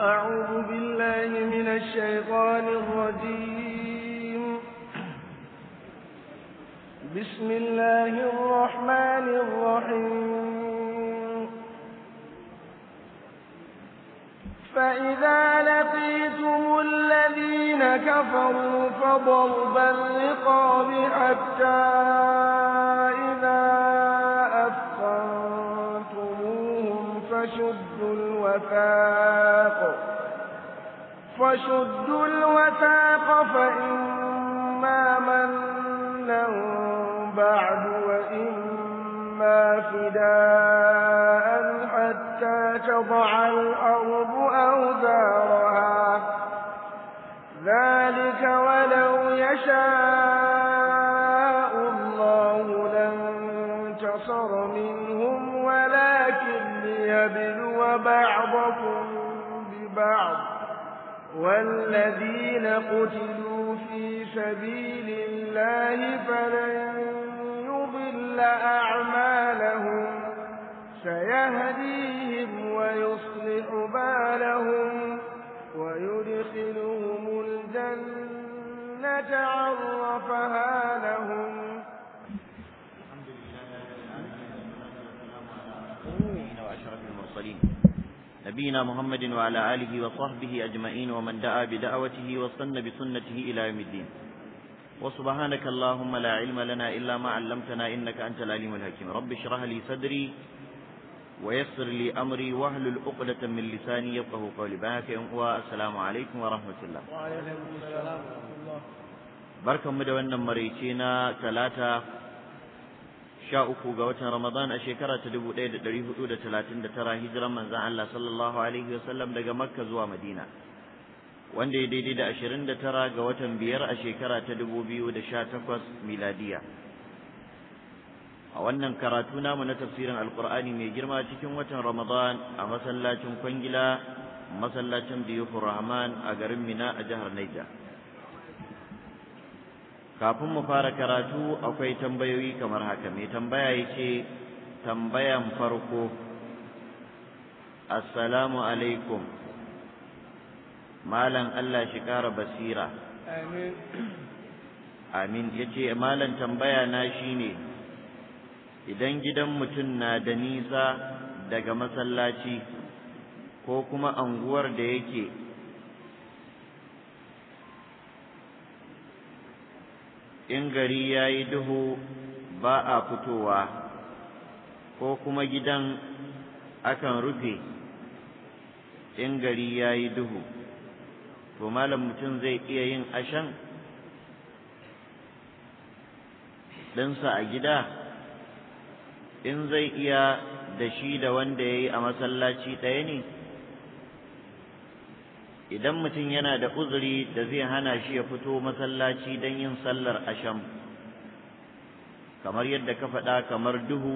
أعوذ بالله من الشيطان الرجيم بسم الله الرحمن الرحيم فإذا لقيتم الذين كفروا فضرب الرقاب حتى إذا أثخنتموهم فشدوا الوثاق فشدوا الوثاق فإما منا بعد وإما فداء حتى تضع الأرض أوزارها ذلك ولو يشاء بعضكم ببعض والذين قتلوا في سبيل الله فلن يضل أعمالهم سيهديهم ويصلح بالهم ويدخلهم الجنة عرفها لهم نبينا محمد وعلى آله وصحبه أجمعين ومن دعا بدعوته وصن بسنته إلى يوم الدين وسبحانك اللهم لا علم لنا إلا ما علمتنا إنك أنت العليم الحكيم رب اشرح لي صدري ويسر لي أمري وهل عقدة من لساني يفقه قولي بارك والسلام عليكم ورحمة الله وعليكم السلام ورحمة الله بركة مدونة مريتينا ثلاثة sha uku ga watan Ramadan a shekara ta dubu ɗaya da ɗari hudu da talatin da tara hijiran manzan Allah sallallahu alaihi wasallam daga Makka zuwa Madina wanda ya daidai da ashirin da tara ga watan biyar a shekara ta dubu biyu da sha takwas miladiya a wannan karatu namu na tafsirin alkur'ani mai girma cikin watan Ramadan a masallacin kwangila masallacin Diyufur Rahman a garin Mina a jihar Niger kafin mu fara karatu akwai tambayoyi kamar haka mai tambaya yake tambayan farko assalamu alaikum malam Allah shi kara basira amin amin yace malam tambaya na shine idan gidan mutum na da nisa daga masallaci ko kuma anguwar da yake in gari ya yi duhu ba a fitowa ko kuma gidan akan rufe in gari ya yi duhu to malam mutum zai iya yin ashan ɗinsa a gida in zai iya da shi da wanda ya yi a masallaci ɗaya ne idan mutum yana da uzuri da zai hana shi ya fito masallaci don yin sallar asham kamar yadda ka faɗa kamar duhu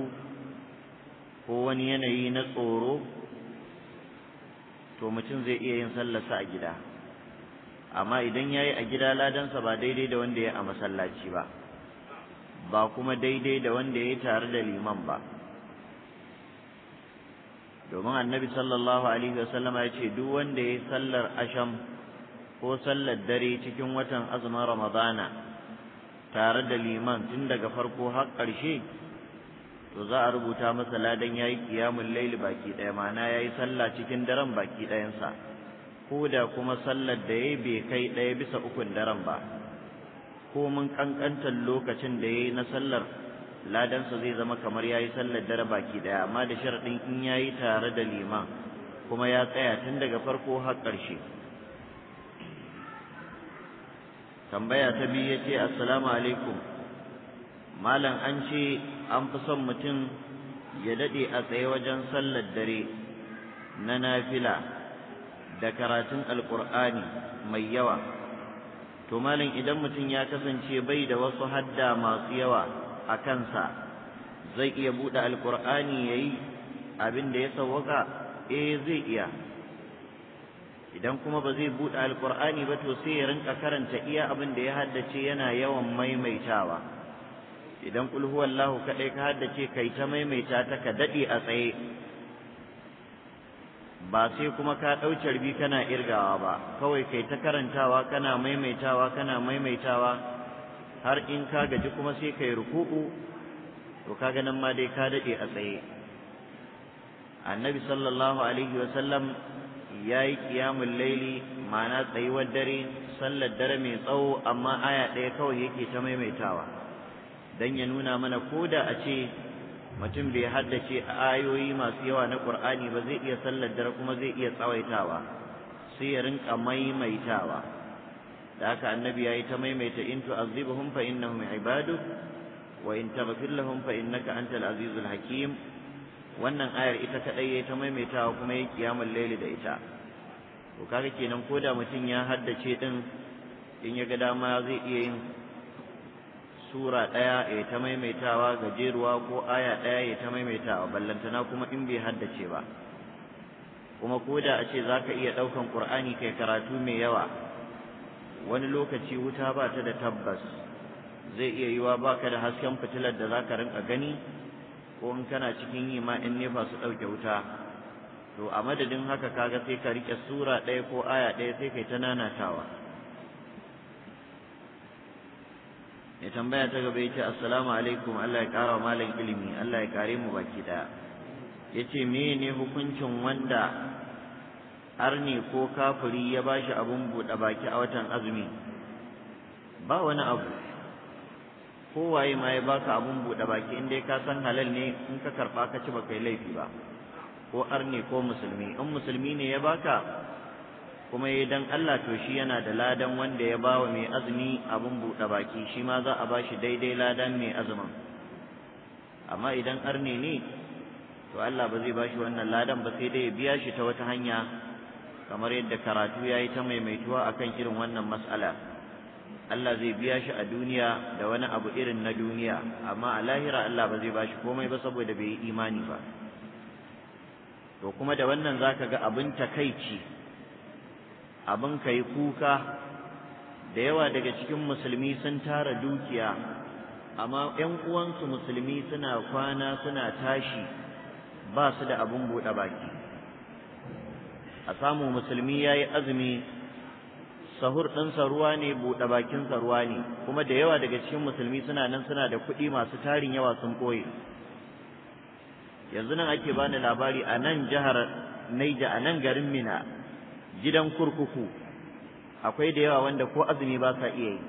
ko wani yanayi na tsoro to mutum zai iya yin sallarsa a gida amma idan ya yi a gida ladansa ba daidai da wanda ya a masallaci ba ba kuma daidai da wanda ya yi tare da liman ba domin annabi sallallahu alaihi wasallama ya ce duk wanda ya sallar asham ko sallar dare cikin watan azumin ramadana tare da liman tun daga farko har ƙarshe to za a rubuta masa ladan ya yi kiyamun laili baki ɗaya mana ya yi sallah cikin daren baki ɗayansa ko da kuma sallar da ya bai kai ɗaya bisa ukun daren ba ko mun ƙanƙantar lokacin da ya yi na sallar ladansa zai zama kamar ya yi sallar dare baki ɗaya, amma da sharadin in yi tare da liman kuma ya tsaya tun daga farko har ƙarshe tambaya ta biyu ya ce, assalamu alaikum malam an ce an fi son mutum ya daɗe a tsaye wajen sallar dare na nafila da karatun Alƙur'ani mai yawa to malam idan mutum ya kasance bai da wasu hadda masu yawa a kansa zai iya buɗe alkur'ani ya yi abin da ya sauwaka eh zai iya idan kuma ba zai buɗe alkur'ani ba to sai ya rinka karanta iya abin da ya haddace yana yawan maimaitawa idan kul lahu kaɗai ka haddace kai ta maimaita ta ka daɗe a tsaye ba sai kuma ka ɗauce bi kana irgawa ba kawai kai ta karantawa kana maimaitawa kana maimaitawa har in ka gaji kuma sai ka yi ruku'u to kaga nan ma dai ka daɗe a tsaye annabi sallallahu alaihi wa sallam yayi ƙiyamun laili ma'ana tsayuwar dare sallar dare mai tsawo amma aya ɗaya kawai yake ta maimaitawa dan ya nuna mana ko da a ce mutum bai haddace ayoyi masu yawa na qur'ani ba zai iya sallar dare kuma zai iya tsawaitawa sai ya rinka maimaitawa da haka annabi ya yi ta maimaita in tu'azibuhum fa innahum ibaduk wa in taghfir lahum fa innaka antal azizul hakim wannan ayar ita kadai yayi ta maimaitawa kuma yayi kiyamul laili da ita to kaga kenan ko da mutum ya haddace din in ya ga dama zai iya yin sura ɗaya ya ta maimaitawa gajeruwa ko aya ɗaya ya ta maimaitawa ballantana kuma in bai haddace ba kuma koda a ce zaka iya ɗaukan ƙur'ani kai karatu mai yawa wani lokaci wuta ba ta da tabbas zai iya yiwa ba ka da hasken fitilar da za ka rinka gani ko in kana cikin yi ma in nefa su ɗauke wuta to a madadin haka kaga sai ka riƙe sura ɗaya ko aya ɗaya sai kai ta nanatawa ya tambaya ta gaba yace assalamu alaikum Allah ya ƙara malam ilimi Allah ya kare mu baki ɗaya yace menene hukuncin wanda arne ko kafiri ya bashi abun buɗe baki a watan azumi ba wani abu kowaye ma ya baka abun buɗe baki in ka san halal ne in ka karba ka ci ba laifi ba ko arne ko musulmi in musulmi ne ya baka kuma ya dan Allah to shi yana da ladan wanda ya bawa mai azumi abun buɗe baki shi ma za a bashi daidai ladan mai azumin amma idan arne ne to Allah ba zai bashi wannan ladan ba sai dai ya biya shi ta wata hanya kamar yadda karatu ya yi ta maimaituwa a kan irin wannan mas'ala Allah zai biya shi a duniya da wani abu irin na duniya amma a lahira Allah ba zai ba shi komai ba saboda bai yi imani ba to kuma da wannan za ka ga abin takaici abin ka yi kuka da yawa daga cikin musulmi sun tara dukiya amma 'yan uwansu musulmi suna kwana suna tashi ba su da abin buɗe baki a samu musulmi ya yi azumi sahur ɗinsa ruwa ne buɗe bakinsa ruwa ne kuma da yawa daga cikin musulmi suna nan suna da kuɗi masu tarin yawa sun ɓoye yanzu nan ake bani labari a nan jihar naija a nan garin mina gidan kurkuku akwai da yawa wanda ko azumi ba sa iya yi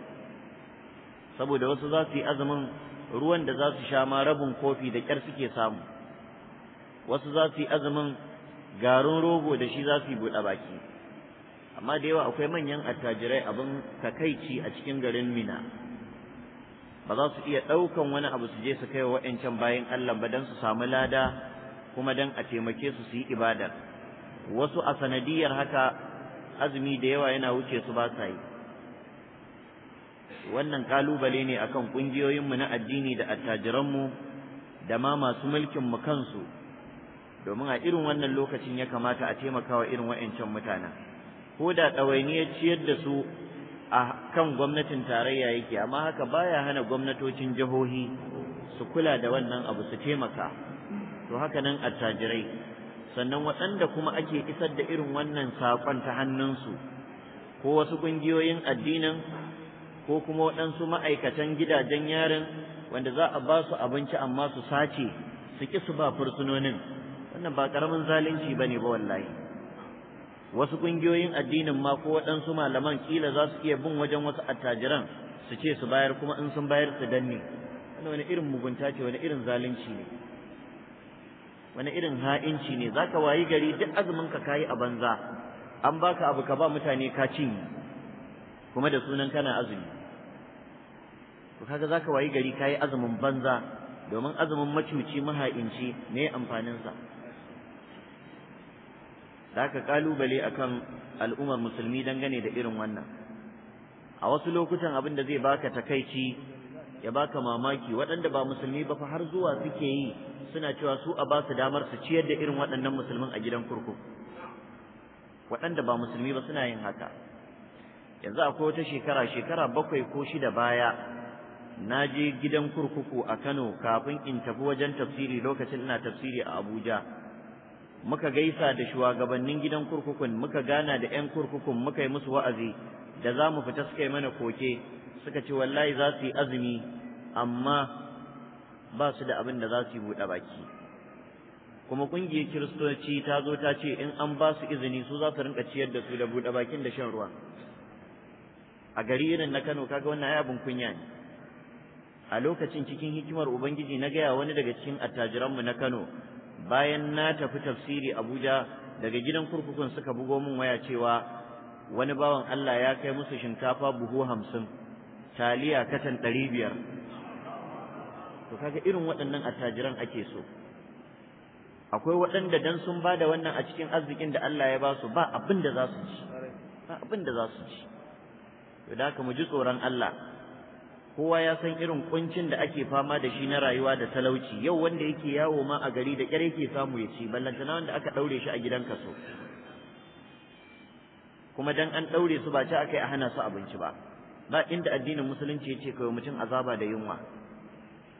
saboda wasu za su yi azumin ruwan da za su sha ma rabin kofi da kyar suke samu wasu za su yi azumin garin rogo da shi za su yi buɗe baki amma da yawa akwai manyan attajirai abin takaici a cikin garin mina ba za su iya ɗaukan wani abu su je su kai wa waɗancan bayan allah ba don su samu lada kuma don a taimake su su yi ibadar wasu a sanadiyar haka azumi da yawa yana wuce su ba sa yi wannan kalubale ne akan ƙungiyoyinmu na addini da attajiranmu da ma masu mulkinmu kansu domin a irin wannan lokacin ya kamata a taimakawa irin wa'ancan mutanen ko da ɗawainiyar ciyar da su a kan gwamnatin tarayya yake amma haka baya hana gwamnatocin jihohi su kula da wannan abu su taimaka to haka nan attajirai sannan waɗanda kuma ake isar da irin wannan saƙon ta hannunsu ko wasu ƙungiyoyin addinin ko kuma waɗansu ma'aikatan gidajen yarin wanda za a ba su abinci amma su sace su ƙi su ba fursunonin wannan ba karamin zalunci bane ba wallahi wasu kungiyoyin addinin ma ko waɗansu malaman kila za su iya bin wajen wasu attajiran su ce su bayar kuma in sun bayar su danne wannan wani irin mugunta ce wani irin zalunci ne wani irin ha'inci ne zaka wayi gari duk azumin ka kayi a banza an baka abu ka ba mutane ka cinye kuma da sunan kana azumi to kaga zaka wayi gari kayi azumin banza domin azumin macuci maha'inci me amfaninsa da haka kalubale akan al'ummar musulmi dangane da irin wannan a wasu lokutan abin da zai baka takaici ya baka mamaki waɗanda ba musulmi ba fa har zuwa suke yi suna cewa su a ba su damar su ciyar da irin waɗannan musulmin a gidan kurkuku waɗanda ba musulmi ba suna yin haka yanzu akwai wata shekara shekara bakwai ko shida baya na je gidan kurkuku a Kano kafin in tafi wajen tafsiri lokacin ina tafsiri a Abuja muka gaisa da shugabannin gidan kurkukun muka gana da 'yan kurkukun muka yi musu wa'azi da za mu fita suka yi mana koke suka ce wallahi za su yi azumi amma ba su da abin da za su yi buɗe baki kuma ƙungiyar kiristoci ta zo ta ce in an ba su izini su za su rinka ciyar da su da buɗe bakin da shan ruwa a gari irin na kano kaga wannan ai abin kunya ne a lokacin cikin hikimar ubangiji na gaya wani daga cikin attajiranmu na kano bayan na tafi tafsiri Abuja daga gidan kurkukun suka bugo min waya cewa wani bawan Allah ya kai musu shinkafa buhu hamsin taliya katan ɗari biyar to kaga irin waɗannan attajiran ake so akwai waɗanda dan sun ba da wannan a cikin arzikin da Allah ya ba su ba abin za su ci ba abin za su ci to da haka mu ji tsoron Allah kowa ya san irin kuncin da ake fama da shi na rayuwa da talauci yau wanda yake yawo ma a gari da kyare yake samu ya ci ballantana wanda aka daure shi a gidan kaso kuma dan an daure su ba ci akai a hana su abinci ba ba inda addinin musulunci ya ce kai mutum azaba da yunwa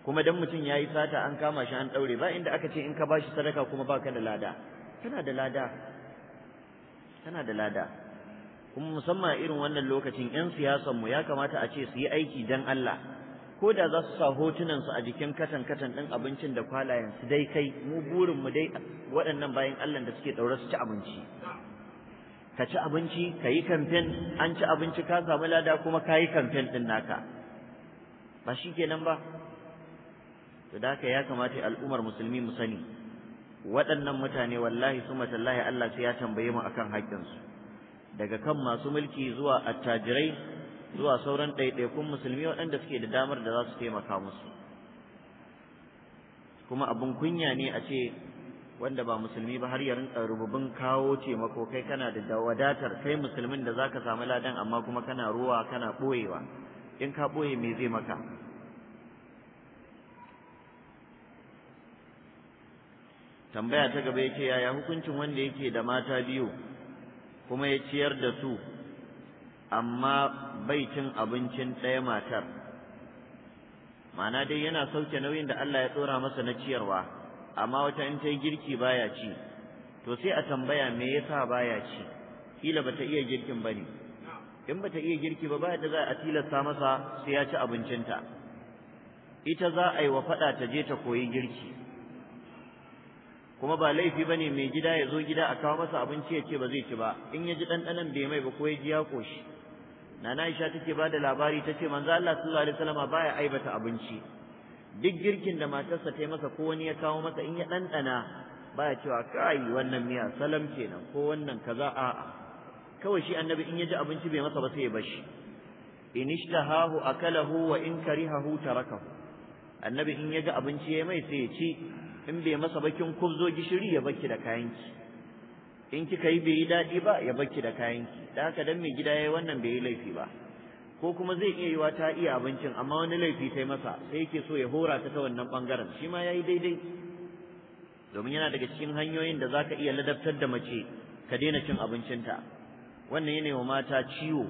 kuma dan mutum ya yi sata an kama shi an daure ba inda aka ce in ka bashi sadaka kuma baka da lada kana da lada kana da lada kuma musamman a irin wannan lokacin 'yan siyasanmu ya kamata a ce su yi aiki don Allah ko da za su sa hotunansu a jikin katan katan ɗin abincin da kwalayen su dai kai mu burin dai waɗannan bayan Allah da suke ɗaure su ci abinci ka ci abinci ka yi kamfen an ci abinci ka samu lada kuma ka yi kamfen ɗin naka ba shi kenan ba to da haka ya kamata al'ummar musulmi mu sani waɗannan mutane wallahi su matallahi Allah sai ya tambaye mu akan haƙƙinsu daga kan masu mulki zuwa attajirai zuwa sauran ɗaiɗaikun musulmi waɗanda suke da damar da za su taimaka musu kuma abin kunya ne a ce wanda ba musulmi ba har ya rinka rububin kawo taimako kai kana da wadatar kai musulmin da zaka samu ladan amma kuma kana ruwa kana ɓoyewa in ka ɓoye me zai maka tambaya ta gaba yake yaya hukuncin wanda yake da mata biyu kuma ya ciyar da su amma bai cin abincin ɗaya matar Mana dai yana sauke nauyin da Allah ya tsora masa na ciyarwa amma wata in ta yi girki baya ci to sai a tambaya me yasa baya ci kila bata iya girkin bane in bata iya girki ba baya da za a tilasta masa sai ya ci abincinta ita za a yi wa faɗa ta je ta koyi girki kuma ba laifi ba ne mai gida ya zo gida a kawo masa abinci ya ce ba zai ci ba in ya ji ɗanɗanon bai mai ba ko ya ji ya ƙoshi nana Aisha take ba da labari ta ce manzo Allah sallallahu alaihi wasallama baya aibata abinci duk girkin da matarsa ta yi masa ko wani ya kawo masa in ya ɗanɗana baya cewa kai wannan miya salam kenan ko wannan kaza a'a kawai shi annabi in ya ji abinci bai masa ba sai ya bashi in ishtahahu akalahu wa in karihahu tarakahu annabi in ya ga abinci ya mai sai ya ci in bai masa bakin kubzo gishiri ya baki da kayanki in kika yi bai yi daɗi ba ya baki da kayanki da haka dan mai gida yayi wannan bai yi laifi ba ko kuma zai iya yiwa ta iya abincin amma wani laifi ta masa sai yake so ya hora ta ta wannan bangaren shi ma yayi daidai domin yana daga cikin hanyoyin da zaka iya ladabtar da mace ka daina cin abincinta wannan yana wa mata ciwo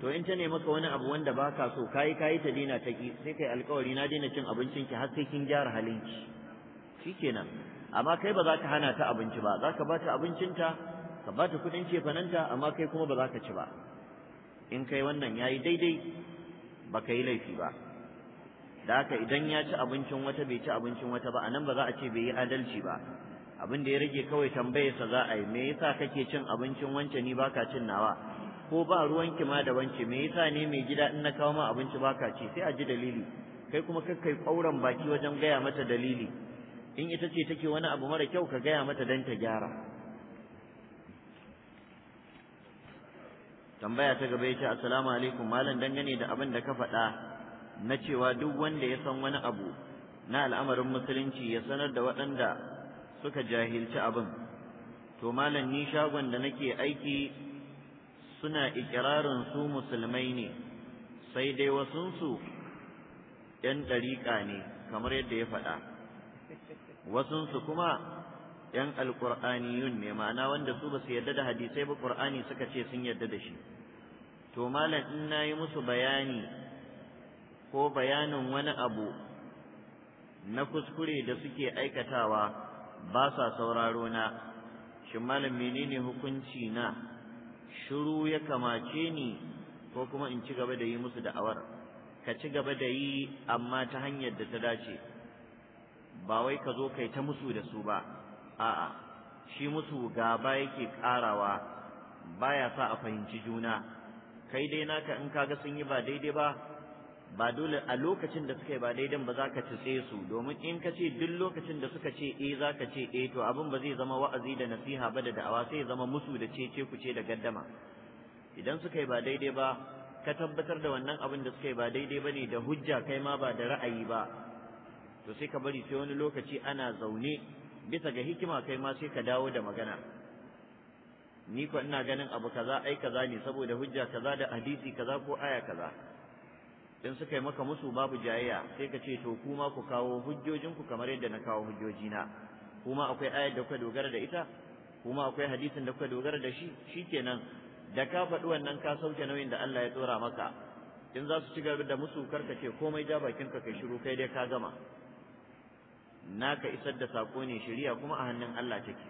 to in ta ne maka wani abu wanda baka so kayi kayi ta daina ta ki sai kai alkawari na daina cin abincin ki har sai kin gyara halin ki. kenan amma kai ba za ka hana ta abinci ba za ka ba ta abincinta ka ba ta kuɗin cefananta amma kai kuma ba za ka ci ba in kai wannan ya yi daidai ba ka yi laifi ba da haka idan ya ci abincin wata bai ci abincin wata ba a nan ba za a ce bai yi adalci ba abin da ya rage kawai tambayarsa za a yi me yasa kake cin abincin wance ni baka cin nawa ko ba ruwan ma da wance me yasa ne mai gida in na kawo ma abinci baka ci sai a ji dalili kai kuma kai kauran baki wajen gaya mata dalili in ita ce take wani abu mara kyau ka gaya mata don ta gyara tambaya ta gaba ya ce assalamu alaikum malam dangane da abin da ka faɗa na cewa duk wanda ya san wani abu na al'amarin musulunci ya sanar da waɗanda suka jahilci abin to malam ni shagon da nake aiki suna ikirarin su musulmai ne sai dai wasunsu ‘yan ɗariƙa ne kamar yadda ya faɗa wasunsu kuma ‘yan alƙur'aniyun ne ma'ana wanda su ba su yarda da hadisai ba ƙur'ani suka ce sun yarda da shi to malam in na yi musu bayani ko bayanin wani abu na kuskure da suke aikatawa ba sa sauraro na shin malam menene hukunci na shiru ya kamace ni ko kuma in ci gaba da yi musu da'awar ka ci gaba da yi amma ta hanyar da ta dace ba wai ka zo kai ta musu da su ba a'a shi musu gaba yake karawa baya sa a fahimci juna kai dai naka in ka ga sun yi ba daidai ba ba dole a lokacin da suka yi ba daidan ba za ka cise su domin in ka ce duk lokacin da suka ce eh za ka ce eh to abin ba zai zama wa'azi da nasiha ba da da'awa sai zama musu da cece ku ce da gaddama idan suka yi ba daidai ba ka tabbatar da wannan abin da suka yi ba daidai ba ne da hujja kai ma ba da ra'ayi ba to sai ka bari sai wani lokaci ana zaune bisa ga hikima kai ma sai ka dawo da magana ni ko ina ganin abu kaza ai kaza ne saboda hujja kaza da hadisi kaza ko aya kaza in suka yi maka musu babu jayayya sai ka ce to kuma ku kawo hujjojinku kamar yadda na kawo hujjojina kuma akwai ayar da kuka dogara da ita kuma akwai hadisin da kuka dogara da shi shikenan da ka faɗi wannan ka sauke nauyin da Allah ya tsora maka in za su ci gaba da musu karka ce komai ja bakinka kai shiru kai dai ka gama naka isar da sako ne shari'a kuma a hannun Allah take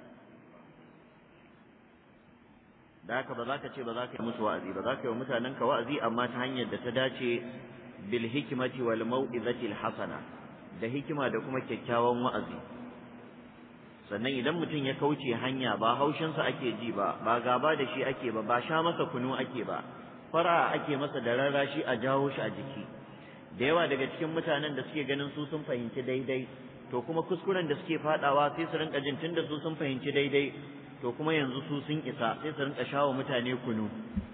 da haka ba za ka ce ba za ka yi musu wa'azi ba za ka yi wa mutanenka wa'azi amma ta hanyar da ta dace bil hikimati wal mau'izati al hasana da hikima da kuma kyakkyawan wa'azi sannan idan mutum ya kauce hanya ba haushinsa ake ji ba ba gaba da shi ake ba ba sha masa kunu ake ba fara ake masa da rarrashi a jawo shi a jiki da yawa daga cikin mutanen da suke ganin su sun fahimci daidai to kuma kuskuren da suke fadawa sai su rinka jin tunda su sun fahimci daidai to kuma yanzu su sun isa sai su rinka shawo mutane kunu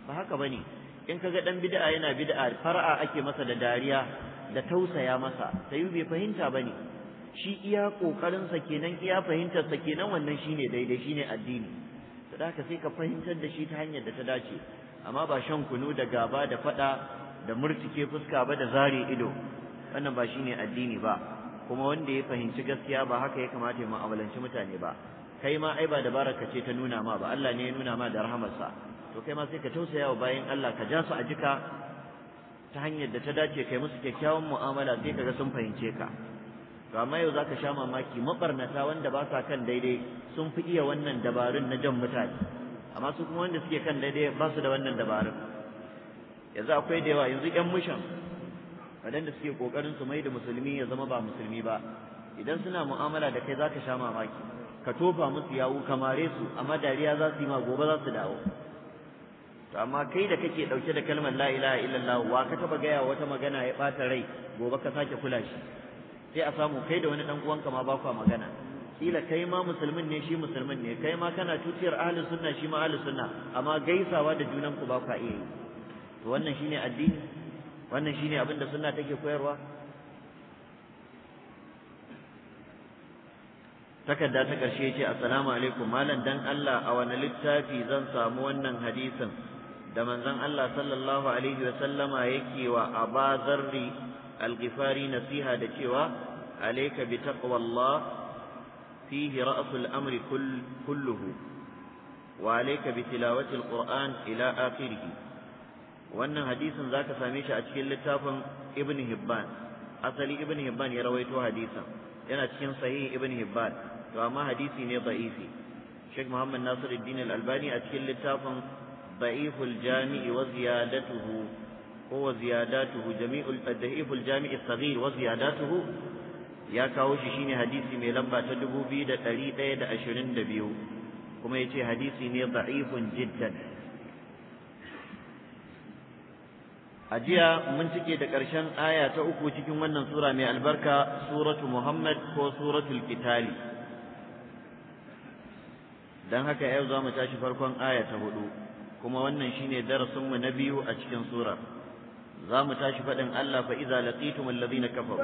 ba haka bane in kaga dan bid'a yana bid'a far'a ake masa da dariya da tausaya masa sai bai fahimta bane shi iya kokarin sa kenan iya fahimtar sa kenan wannan shine daidai shine addini to da haka sai ka fahimtar da shi ta hanyar da ta dace amma ba shan kunu da gaba da fada da murtike fuska ba da zare ido wannan ba shine addini ba kuma wanda ya fahimci gaskiya ba haka ya kamata ya mu'amalanci mutane ba kai ma ai ba dabarar ka ce ta nuna ma ba Allah ne ya nuna ma da rahamarsa to kai ma sai ka tausaya wa bayan Allah ka ja su a jika ta hanyar da ta dace kai musu kyakkyawan mu'amala sai ka ga sun fahimce ka to amma yau zaka sha mamaki mabarnata wanda ba sa kan daidai sun fi iya wannan dabarun na jan mutane amma su kuma wanda suke kan daidai ba su da wannan dabarun yanzu akwai da yawa yanzu yan mushan waɗanda suke kokarin su mai da musulmi ya zama ba musulmi ba idan suna mu'amala da kai zaka sha mamaki ka tofa musu yawu kamare su amma dariya za su yi ma gobe za su dawo to amma kai da kake ɗauke da kalmar la ilaha illallah wa ka taba gaya wata magana ya bata rai gobe ka sake kula shi sai a samu kai da wani dan uwanka ma ba kwa magana kila kai ma musulmin ne shi musulmin ne kai ma kana tutiyar ahlus sunna shi ma ahlus sunna amma gaisawa da junan ku ba kwa iya yi to wannan shine addini wannan shine abin da sunna take koyarwa takarda ta karshe yace assalamu alaikum malam dan Allah a wani littafi zan samu wannan hadisin da manzon Allah sallallahu alaihi wa sallama yake wa abazarri al-Ghifari nasiha da cewa alayka bi taqwallah fihi ra'sul amri kulluhu wa alayka bi tilawati al-Qur'an ila akhirih wannan hadisin zaka same shi a cikin littafin ibn hibban asali ibn hibban ya rawaito hadisin yana cikin sahih ibn hibban to amma hadisi ne da'ifi Sheikh Muhammad Nasiruddin Al-Albani a cikin littafin da'iful jami'i wa ziyadatuhu ko wa ziyadatuhu jami'ul da'iful jami'i saghir wa ziyadatuhu ya kawo shi shine hadisi mai lamba ta 2122 kuma yace hadisi ne da'ifun jiddan A jiya mun cike da ƙarshen aya ta uku cikin wannan sura mai albarka suratu muhammad ko suratul qitali dan haka yau za mu tashi farkon aya ta hudu kuma wannan shine darasin mu na biyu a cikin sura. za mu tashi faɗin allah fa iza laqitum alladhina kafaru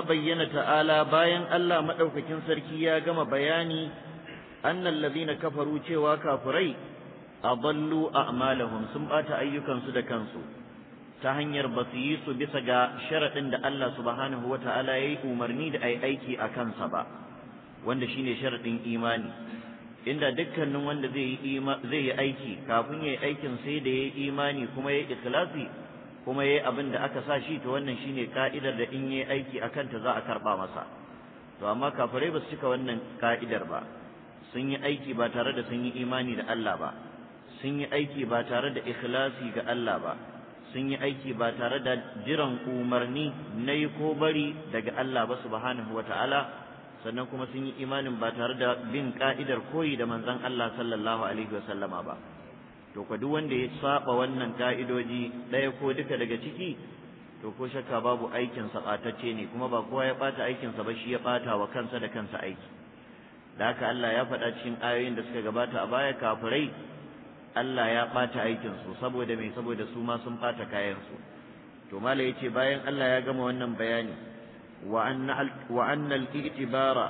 Ya bayyana ta'ala bayan Allah madaukakin sarki ya gama bayani annal ladhina kafaru cewa kafirai adallu a'malahum sun bata ayyukansu da kansu ta hanyar ba su yi su bisa ga sharaɗin da Allah subhanahu wata'ala yayi umarni da ai aiki a kansa ba wanda shine sharaɗin imani inda dukkanin wanda zai yi aiki kafin yayi aikin sai da yayi imani kuma yayi ikhlasi kuma yayi abin da aka sa shi to wannan shine ka'idar da in yayi aiki akan ta za a karba masa to amma kafare ba su cika wannan ka'idar ba sun yi aiki ba tare da sun yi imani da Allah ba sun yi aiki ba tare da ikhlasi ga Allah ba sun yi aiki ba tare da jiran umarni na yi ko bari daga Allah ba subhanahu wata'ala sannan kuma sun yi imanin ba tare da bin ka'idar koyi da manzon Allah sallallahu alaihi wasallama ba to ka duk wanda ya saba wannan ka'idoji ɗaya ko duka daga ciki to ko shakka babu aikin ɓatacce ne kuma ba kowa ya ɓata aikinsa ba shi ya ɓata wa kansa da kansa aiki da haka Allah ya faɗa cikin ayoyin da suka gabata a baya kafirai Allah ya ɓata aikinsu saboda mai saboda su ma sun ɓata kayansu to mala ya ce bayan Allah ya gama wannan bayani wa anna al-i'tibara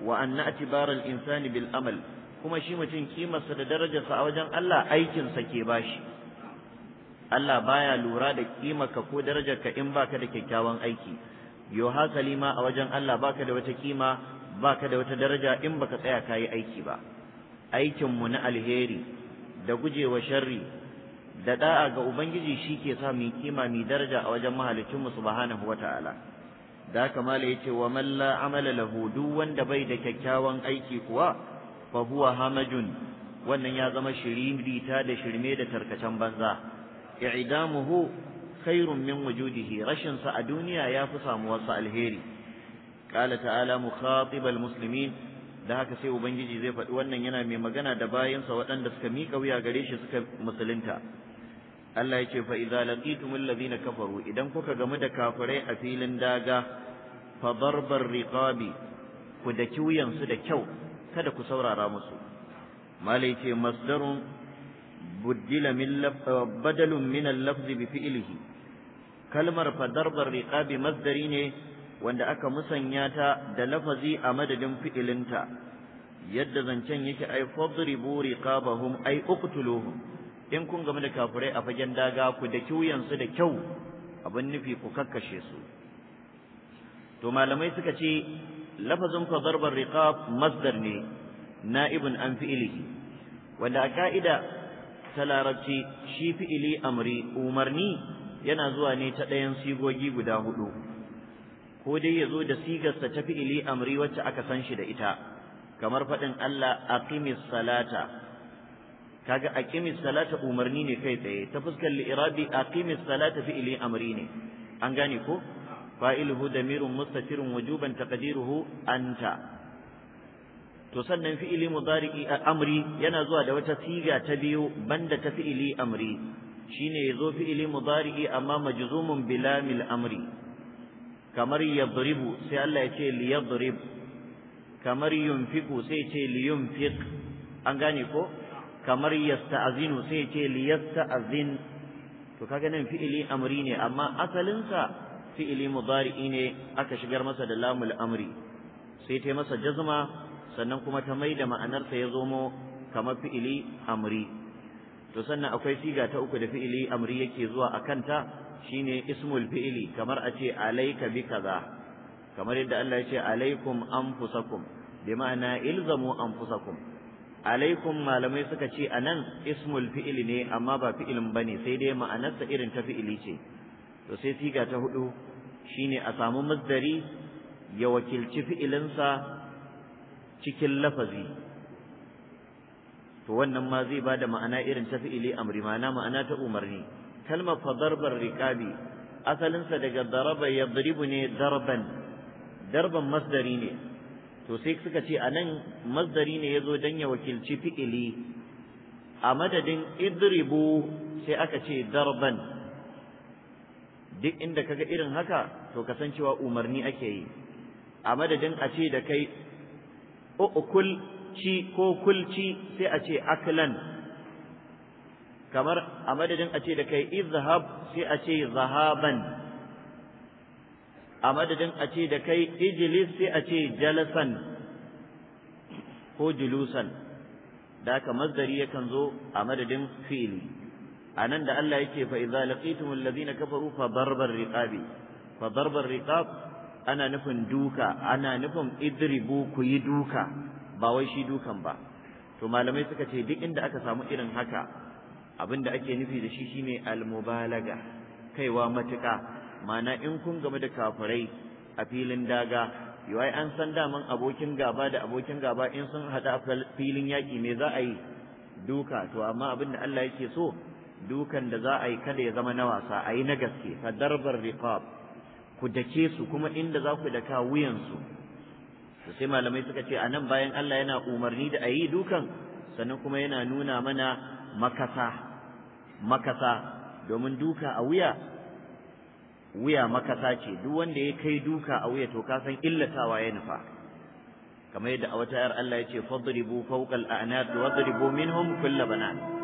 wa anna al-insani bil amal kuma shi mutum kimarsa da darajarsa a wajen Allah aikinsa ke bashi Allah baya lura da kimarka ko darajarka in baka da kyakkyawan aiki yo hasali ma a wajen Allah baka da wata kima baka da wata daraja in baka tsaya kayi aiki ba aikin mu na alheri da gujewa sharri da da'a ga ubangiji shi ke sa mu kima mu daraja a wajen mahalicin mu subhanahu wataala da kamala yace wa man la amala lahu duk wanda bai da kyakkyawan aiki kuwa فهو همج وان wannan ya zama shiririta da shirme da tarkacen banza i'damuhu khairun min wujudihi rashin sa a duniya ya fi samuwar sa alheri qala ta'ala mukhatibal muslimin da haka sai ubangiji zai faɗi wannan yana mai magana da bayansa waɗanda suka miƙa wuya gare shi suka musulunta Allah yake fa idza laqitum alladhina kafaru idan kuka gamu da kafirai a filin daga fa darbar riqabi ku da su da kyau kada ku saurara musu malai ce masdarun buddila min badalun min al-lafzi bi fi'lihi kalmar fadarbar riqabi masdari ne wanda aka musanya ta da lafazi a madadin fi'ilinta yadda zancen yake ai fadribu riqabahum ai uqtuluhum in kun game da kafirai a fagen daga ku da kiwuyansu da kyau abin nufi ku kakkashe su to malamai suka ce lafazin fa darbar riqab masdar ne na'ibun an fi'ilihi wanda a ka'ida ta larabci shi fi'ili amri umarni yana zuwa ne ta ɗayan sigogi guda hudu ko dai ya zo da sigarsa ta fi'ili amri wacce aka san shi da ita kamar faɗin Allah aqimis salata kaga aqimis salata umarni ne kai tsaye ta fuskar li'irabi aqimis salata fi'ili amri ne an gane ko fa'iluhu damirun mustatirun wujuban taqdiruhu anta to sannan fi'ili mudari'i amri yana zuwa da wata siga ta biyu banda ta fi'ili amri shine zo fi'ili mudari'i amma majzumun bilamil amri kamar yadribu sai Allah ya ce li yadrib kamar yunfiqu sai ya ce li yunfiq an gane ko kamar yasta'zinu sai ya ce li yasta'zin to kaga nan fi'ili amri ne amma asalinsa fi'ili mudari'i ne aka shigar masa da lamul amri sai ta masa jazma sannan kuma ta maida ma'anarsa ya zomo kamar fi'ili amri to sannan akwai siga ta uku da fi'ili amri yake zuwa a kanta shine ismul fi'ili kamar a ce alayka bi kaza kamar yadda Allah ya ce alaikum anfusakum bi ma'ana ilzamu anfusakum alaykum malamai suka ce a nan ismul fi'ili ne amma ba fi'ilin ba ne sai dai ma'anarsa irin ta fi'ili ce to sai siga ta hudu shine a samu masdari ya wakilci fi'ilinsa cikin lafazi to wannan ma zai ba da ma'ana irin ta fi'ili amri ma'ana ma'ana ta umarni kalmar fa darbar riqabi asalinsa daga daraba yadribu ne darban darban masdari ne to sai suka ce anan masdari ne yazo dan ya wakilci fi'ili a madadin idribu sai aka ce darban duk inda kaga irin haka to kasancewa umarni ake yi a madadin a ce da kai ukul ci ko kulci sai a ce aklan kamar a madadin a ce da kai izhab sai a ce zahaban a madadin a ce da kai ijlis sai a ce jalasan ko julusan da haka mazdari yakan zo a madadin fi'ili anan da Allah yake fa idza laqitum alladhina kafaru fa darbar riqabi fa darbar riqab ana nufin duka ana nufin idribu ku yi duka ba wai shi dukan ba to malamai suka ce duk inda aka samu irin haka abinda ake nufi da shi shine almubalaga kaiwa matuka mana in kun game da kafirai a filin daga yawai an san daman abokin gaba da abokin gaba in sun haɗa filin yaki me za a yi duka to amma abin da Allah yake so dukan da za a yi kada ya zama na wasa a yi na gaske fa darbar riqab ku dake su kuma inda za ku daka wuyansu to sai malamai suka ce anan bayan Allah yana umarni da a yi dukan sannan kuma yana nuna mana makasa makasa domin duka a wuya wuya makasa ce duk wanda ya kai duka a wuya to ka san illatawa ya nufa kamar yadda a wata 'yar Allah ya ce fadribu fawqa al-a'naq wadribu minhum kull banan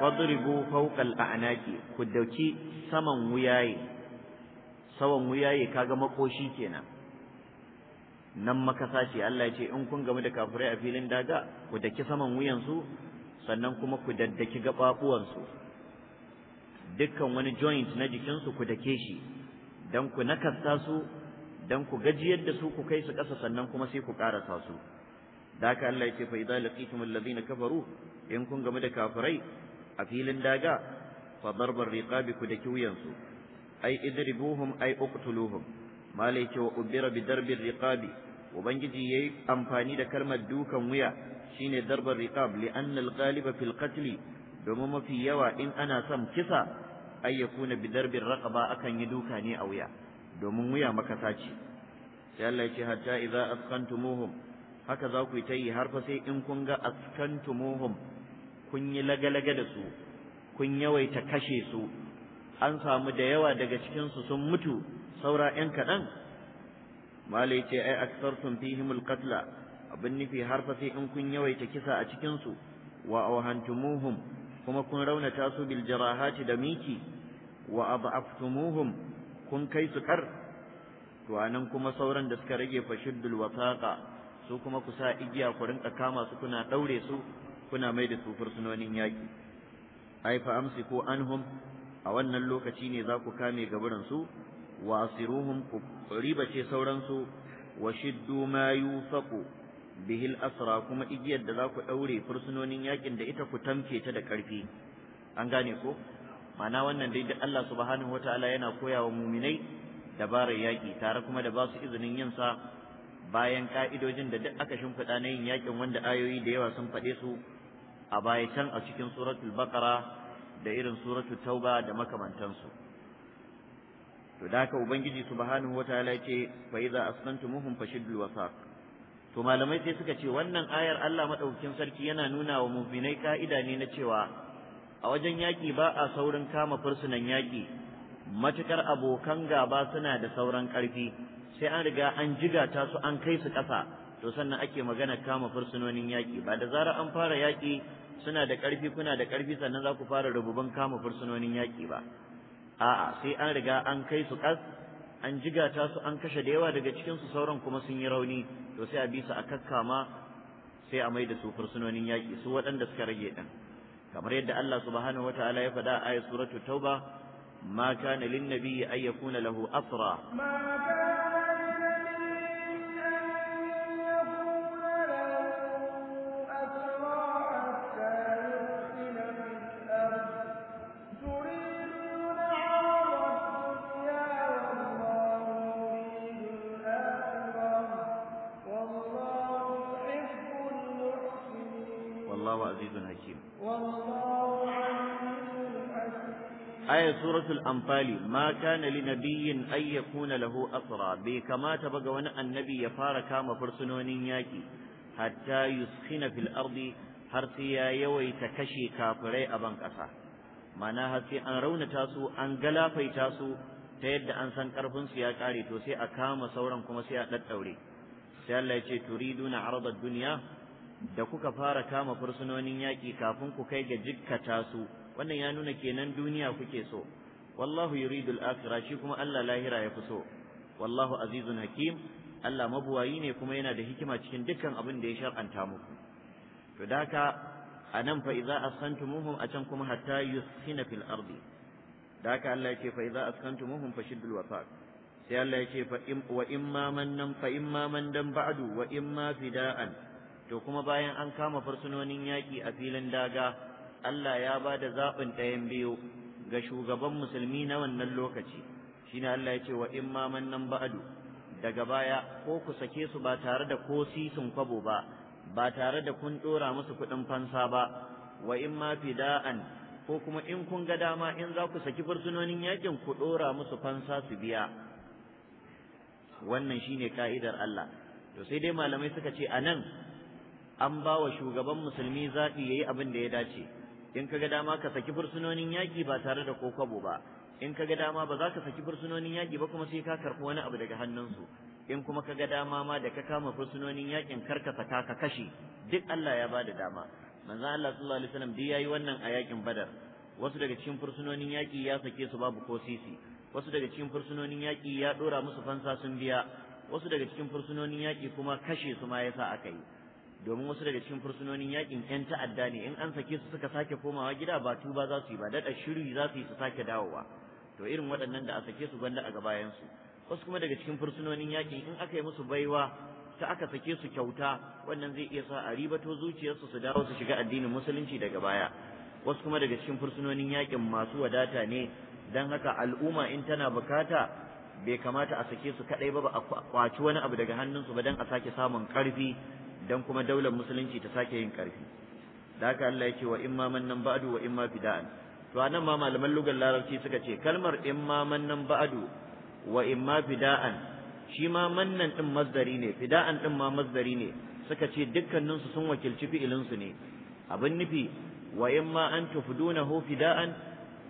fadribu fawqal a'naqi ku dauki saman wuyaye sawan wuyaye kaga makoshi kenan nan makasa ce Allah ya ce in kun gamu da kafirai a filin daga ku daki saman wuyansu sannan kuma ku daddaki gaɓaɓuwansu dukkan wani joint na jikinsu ku dake shi don ku nakasta su don ku gajiyar da su ku kai su ƙasa sannan kuma sai ku ƙarasa su da haka Allah ya ce fa idza laqitum alladhina kafaru in kun gamu da kafirai a filin daga fa darbar riqabi ku da kiwuyansu ai idribuhum ai uqtuluhum malai ce wa ubira bi darbin riqabi ubangiji yayi amfani da kalmar dukan wuya shine darbar riqab li anna al ghaliba fil qatl domin mafi yawa in ana son kisa ay yakuna bi darbin raqaba akan yi duka ne a wuya domin wuya makasa ce sai Allah ya hatta idza askantumuhum haka za ku yi ta yi har fa sai in kun ga askantumuhum kun yi lagalaga da su kun yawaita kashe su an samu da yawa daga cikinsu sun mutu saura ‘yan kaɗan malai ce ai aksartum Fihimul Katla, abin nufi har fa sai in kun yawaita kisa a cikinsu wa awhantumuhum kuma kun rauna su bil jarahati da miki wa ad'aftumuhum kun kai su kar to anan kuma sauran da suka rage fashiddul wasaqa su kuma kusa sa igiya ku rinka kama su kuna daure su kuna mai da su fursunonin yaƙi ai fa amsi ko anhum a wannan lokaci ne za ku kame gaburin su wa asiruhum ku ribace su wa shiddu ma yufaqu bihil asra kuma igiyar da za ku ɗaure fursunonin yaƙin da ita ku tamke ta da ƙarfi an gane ko Mana wannan dai da Allah subhanahu wataala yana koyawa muminai dabarar yaƙi tare kuma da ba su izinin yin sa bayan ka'idojin da duk aka shimfiɗa na yin yaƙin wanda ayoyi da yawa sun faɗe su a baya can a cikin suratul bakara da irin suratul tauba da makamantansu to da haka ubangiji subhanahu wataala yace fa idza asqantumuhum fashiddul wasaq to malamai sai suka ce wannan ayar Allah madaukakin sarki yana nuna wa mu'minai ka'ida ne na cewa a wajen yaki ba a saurin kama fursunan yaki matukar abokan gaba suna da sauran karfi sai an riga an jigata su an kai su kasa to sannan ake magana kama fursunonin yaki ba da zarar an fara yaki suna da ƙarfi kuna da ƙarfi sannan za ku fara rububin kama fursunonin yaƙi ba a'a sai an riga an kai su ƙas an jigata su an kashe da yawa daga cikin su sauran kuma sun yi rauni to sai a bi su a kakkama sai a mai da su fursunonin yaƙi su waɗanda suka rage ɗin kamar yadda Allah subhanahu wataala ya faɗa a ayat suratul tauba ma kana lin nabiyyi ay yakuna lahu asra amfali ma kana li nabiyyin ay yakuna lahu asra bi kamata baga wani annabi ya fara kama fursunonin yaki hatta yuskhina fil ardi har sai ya yawaita kashe kafirai a ban kasa mana har sai an raunata su an galafaita su ta yadda an san karfin su ya kare to sai a kama sauran kuma sai a daddaure sai Allah ya ce turiduna ardad dunya da kuka fara kama fursunonin yaki kafin ku kai ga jikkata su wannan ya nuna kenan duniya kuke so wallahu yuridu al-akhirah shi kuma Allah lahira ya so wallahu azizun hakim Allah mabuwayi ne kuma yana da hikima cikin dukkan abin da ya shar'anta muku to da haka anan fa idza askantumuhum a can kuma hatta yuskhina fil ardi da haka Allah yake fa idza askantumuhum fashiddul wasaq sai Allah yake fa im wa imma man nan fa imma man ba'du wa imma fida'an to kuma bayan an kama fursunonin yaki a filin daga Allah ya ba da zaɓin ɗayan biyu ga shugaban musulmi na wannan lokaci shine Allah ya ce wa in ma mannan ba'adu daga baya ko ku sake su ba tare da ko sisin kwabo ba ba tare da kun dora musu kuɗin fansa ba wa in ma fida'an ko kuma in kun ga dama in za ku saki fursunonin yakin ku dora musu fansa su biya wannan shine ka'idar Allah to sai dai malamai suka ce anan an ba wa shugaban musulmi zaɓi yayi abin da ya dace in ka ga dama ka saki fursunonin yaƙi ba tare da kokabo ba in ka ga dama ba za ka saki fursunonin yaƙi ba kuma sai ka karɓi wani abu daga hannunsu in kuma ka ga dama ma da ka kama fursunonin yaƙin kar ka saka ka kashe duk Allah ya ba da dama manzo Allah sallallahu alaihi wasallam duk yayi wannan a yaƙin Badar wasu daga cikin fursunonin yaƙi ya sake su babu ko sisi wasu daga cikin fursunonin yaƙi ya ɗora musu fansa sun biya wasu daga cikin fursunonin yaƙi kuma kashe su ma yasa aka yi domin wasu daga cikin fursunonin yakin yan ta'adda ne in an sake su suka sake komawa gida ba tuba za su yi ba daɗa shiri za su yi su sake dawowa to irin waɗannan da a sake su gwanda a gabayan su wasu kuma daga cikin fursunonin yakin in aka yi musu baiwa ta aka sake su kyauta wannan zai iya sa a ribato zuciyarsu su dawo su shiga addinin musulunci daga baya wasu kuma daga cikin fursunonin yakin masu wadata ne dan haka al'umma in tana bukata bai kamata a sake su kadai ba ba a kwaci wani abu daga hannunsu ba dan a sake samun karfi dan kuma daular musulunci ta sake yin karfi da haka Allah ya ce wa imma mannan ba'du wa imma fida'an to anan ma malaman lugar larabci suka ce kalmar imma mannan ba'du wa imma fida'an shi ma mannan din masdari ne fida'an din ma masdari ne suka ce dukkanin su sun wakilci fi'ilin su ne abin nufi wa imma an tufdunahu fida'an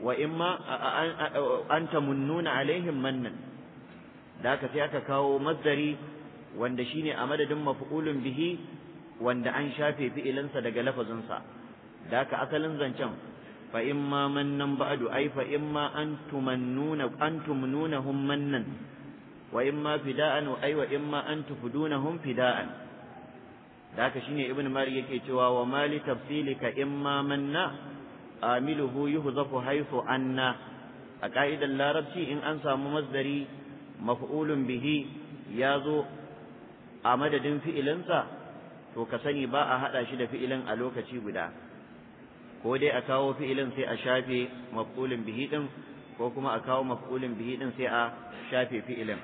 wa imma an tamunnuna alaihim mannan da haka sai aka kawo masdari wanda shine a madadin maf'ulun bihi wanda an shafe fi'ilinsa daga lafazinsa da haka asalin zancen fa imma mannan ba'du ay fa imma an tumannuna an tumnunahum mannan wa imma fida'an ay wa imma an tufdunahum fida'an da haka shine ibnu malik yake cewa wa mali tafsilika imma manna amiluhu yuhzafu haythu anna a ka'idar larabci in an samu masdari maf'ulun bihi ya zo a madadin fi'ilinsa to ka sani ba a haɗa shi da fi'ilin a lokaci guda ko dai a kawo fi'ilin sai a shafe maf'ulin bihi din ko kuma a kawo maf'ulin bihi din sai a shafe fi'ilin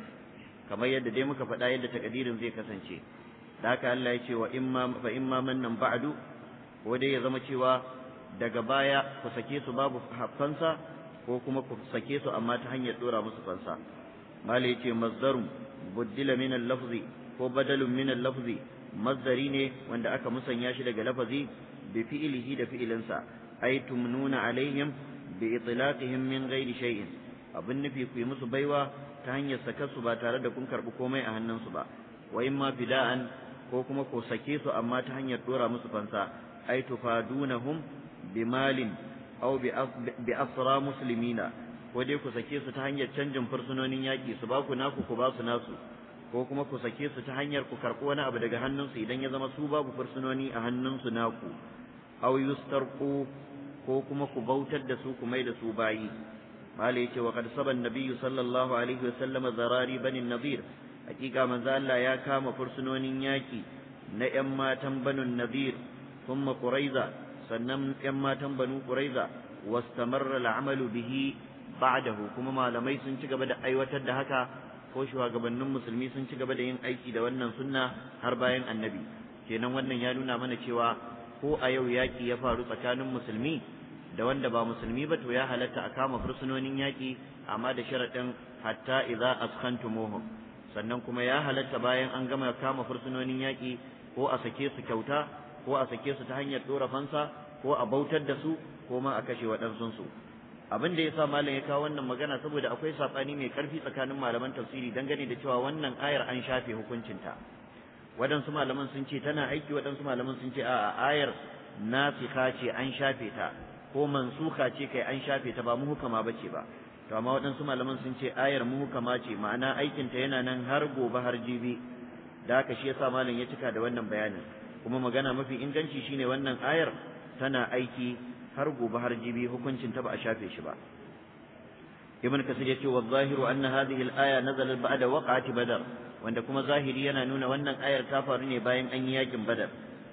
kamar yadda dai muka faɗa yadda takadirin zai kasance da haka Allah ya ce wa imma fa imma nan ba'du ko dai ya zama cewa daga baya ku sake su babu fansa ko kuma ku sake su amma ta hanyar dora musu fansa mala yace mazdarum buddila min al-lafzi ko badalin min al-lafzi mazdari ne wanda aka musanya shi daga lafazi bi fi'ilihi da fi'ilinsa ay tumnuna alaihim bi itlaqihim min ghairi shay'in abin nufi ku yi musu baiwa ta hanyar saka su ba tare da kun karbi komai a hannunsu ba wa ma fida'an ko kuma ko sake su amma ta hanyar dora musu fansa ay tufadunahum bi malin aw bi asra muslimina ko dai ku sake su ta hanyar canjin fursunonin yaki su ba ku naku ku ba su nasu ko kuma ku sake su ta hanyar ku karɓo wani abu daga hannunsu idan ya zama su babu fursunoni a hannunsu naku aw yustarqu ko kuma ku bautar da su ku mai da su bayi mala yace wa qad saban nabiyyu sallallahu alaihi wa sallama zarari bani nadir hakika manzo Allah ya kama fursunonin yaki na yan matan banu nadir thumma quraiza sannan yan matan banu quraiza wastamarra al'amalu bihi ba'dahu kuma malamai sun ci gaba da aiwatar da haka ko shugabannin musulmi sun ci gaba da yin aiki da wannan sunna har bayan annabi kenan wannan ya nuna mana cewa ko a yau yaƙi ya faru tsakanin musulmi da wanda ba musulmi ba to ya halatta a kama fursunonin yaƙi amma da sharaɗin hatta idza askantumuhum sannan kuma ya halatta bayan an gama kama fursunonin yaƙi ko a sake su kyauta ko a sake su ta hanyar dora fansa ko a bautar da su ko ma a kashe waɗansunsu abin da yasa malam ya kawo wannan magana saboda akwai sabani mai karfi tsakanin malaman tafsiri dangane da cewa wannan ayar an shafe hukuncinta waɗansu malaman sun ce tana aiki waɗansu malaman sun ce a'a ayar nasikha ce an shafe ta ko mansuka ce kai an shafe ta ba muhukama bace ba to amma waɗansu malaman sun ce ayar muhukama ce ma'ana aikin ta yana nan har gobe har jibi da haka shi yasa malam ya cika da wannan bayanin kuma magana mafi inganci shine wannan ayar tana aiki har gobe har jibi hukuncin ta ba a shafe shi ba ibn kasir yace wa zahiru anna hadhihi al-aya nazalat ba'da waqati badar wanda kuma zahiri yana nuna wannan ayar ta faru ne bayan an yi yakin badar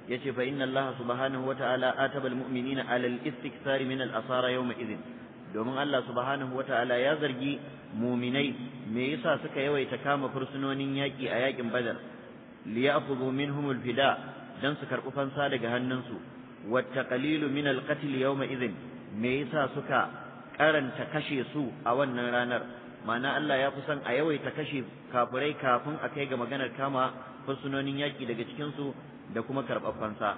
yace fa inna allaha subhanahu wa ta'ala ataba al-mu'minina 'ala al-istikthar min al-asara yawma idhin domin Allah subhanahu wa ta'ala ya zargi muminai me yasa suka yawaita kama fursunonin yaki a yakin badar liyakhudhu minhum alfida dan su karbu fansa daga hannunsu والتقليل من القتل يومئذ ميسا سكا أرن تكشي سو أو النرانر ما نا الله يا فسان أيوة تكشي كابري كافن أكيد ما جنر كاما فسنوني يا كيدا كتشين دكما كرب أفنسا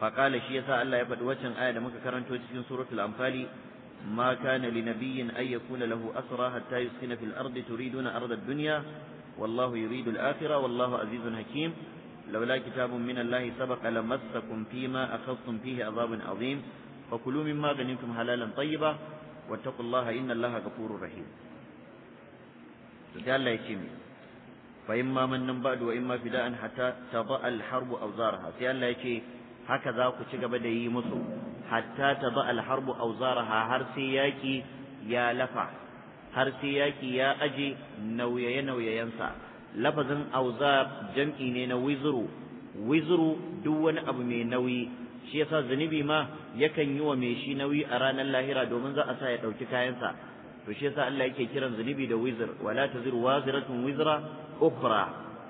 فقال شيسا الله يا فدوة شن آية دمك كرن توشين سورة الأمثال ما كان لنبي أن يكون له أسرى حتى يسكن في الأرض تريدون أرض الدنيا والله يريد الآخرة والله عزيز حكيم لولا كتاب من الله سبق لمسكم فيما أخذتم فيه عذاب عظيم فكلوا مما غنمتم حلالا طيبا واتقوا الله إن الله غفور رحيم قال لا يتيمي فإما من بعد وإما فداء حتى تضع الحرب أوزارها سيال لا يتي هكذا كتك بدأ مصر حتى تضع الحرب أوزارها هرسياكي يا لفع هرسياكي يا أجي نويا نويا ينسى lafazin auzab jam'i ne na wizru wizru duk wani abu mai nauyi shi yasa zunubi ma yakan yi wa mai shi nauyi a ranar lahira domin za a sa ya ɗauki kayansa to shi yasa Allah yake kiran zunubi da wizr wala taziru waziratun wizra ukhra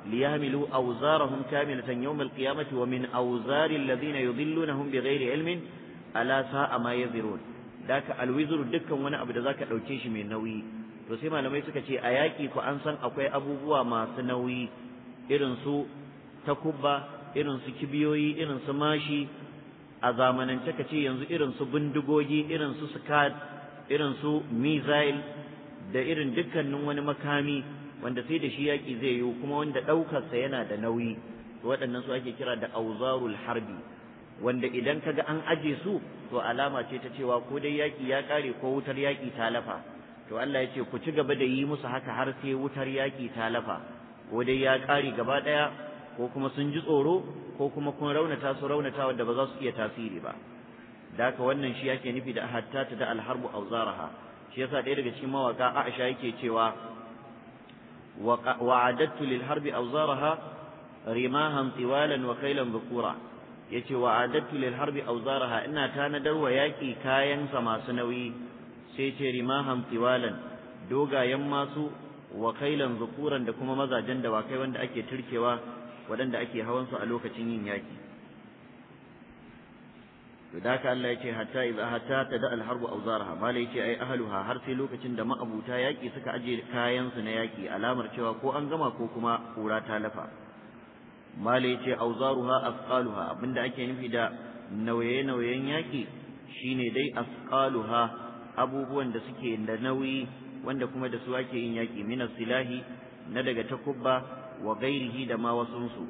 liyahmilu awzarahum kamilatan yawm alqiyamati wa min awzari alladhina yudhillunahum bighairi ilmin ala sa'a ma yazirun daka alwizru dukkan wani abu da zaka ɗauke shi mai nauyi to sai malamai suka ce a yaƙi ku an san akwai abubuwa masu nauyi irin su takubba irin su kibiyoyi irin su mashi a zamanance ka ce yanzu irin su bindigogi irin su skad irin su misail da irin dukkanin wani makami wanda sai da shi yaƙi zai yiwu kuma wanda ɗaukarsa yana da nauyi waɗannan su ake kira da auzarul harbi wanda idan kaga an aje su to alama ce ta cewa ko dai yaƙi ya ƙare ko wutar yaƙi ta lafa to Allah ya ce ku ci gaba da yi musu haka har sai wutar yaƙi ta lafa ko dai ya kare gaba ɗaya ko kuma sun ji tsoro ko kuma kun raunata su raunata wanda ba za su iya tasiri ba daka wannan shi yake nufi da hatta ta da alharbu auzaraha shi yasa ɗaya daga cikin mawaka Aisha yake cewa wa'adattu lil harbi auzaraha rimahan tiwalan wa kailan bukura yace wa lil harbi awzaraha ina tanadar wa kayan kayansa masu nauyi sai ce rimahan tiwalan dogayen masu wa kailan zukuran da kuma mazajen da kai wanda ake turkewa waɗanda ake hawan su a lokacin yin yaki ذاك الله hatta idza ta حتى تدأ الحرب awzarha ما ليجي أي ahluha har sai lokacin da ma'abuta yaƙi suka aje kayansu na yaƙi alamar cewa ko an gama ko kuma kura ta lafa ma yace auzaruha asqaluha abinda ake nufi da nauye-nauyen yaƙi shine dai asqaluha abubuwan da suke da nauyi wanda kuma da su ake yin yaƙi mina silahi na daga takubba wa gairihi da ma wasunsu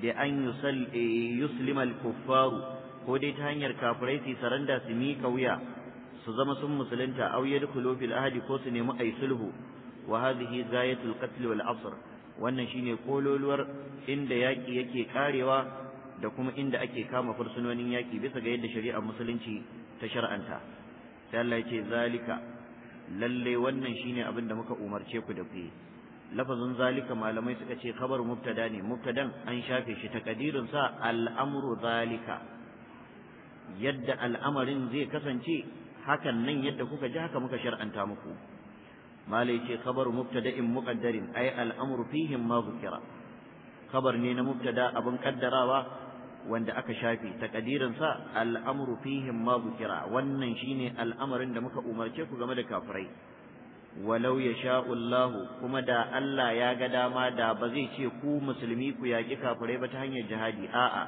bi an eh, yuslima al-kuffaru ko dai ta hanyar kafirai su saranda su mika wuya su zama sun musulunta aw yadkhulu fil ahdi ko su nemi ay sulhu wa hadhihi al qatl wal asr wannan shine kololuwar inda yaƙi yake karewa da kuma inda ake kama fursunonin yaƙi bisa ga yadda shari'ar musulunci ta shar'anta sai Allah ce zalika lalle wannan shine abin da muka umarce ku da ku lafazin zalika malamai suka ce khabar mubtada ne mubtadan an shafe shi takadirin sa al'amru zalika yadda al'amarin zai kasance hakan nan yadda kuka ji haka muka shar'anta muku malai ce khabar mubtada'in muqaddarin ay al'amru fihim ma khabar ne na mubtada abin kaddarawa wanda aka shafe takadirinsa al'amru fihim ma kira wannan shine al'amarin da muka umarce ku game da kafirai walau ya sha'ullahu kuma da Allah ya ga dama da ba zai ce ku musulmi ku yaƙi kafirai ba ta hanyar jihadi a'a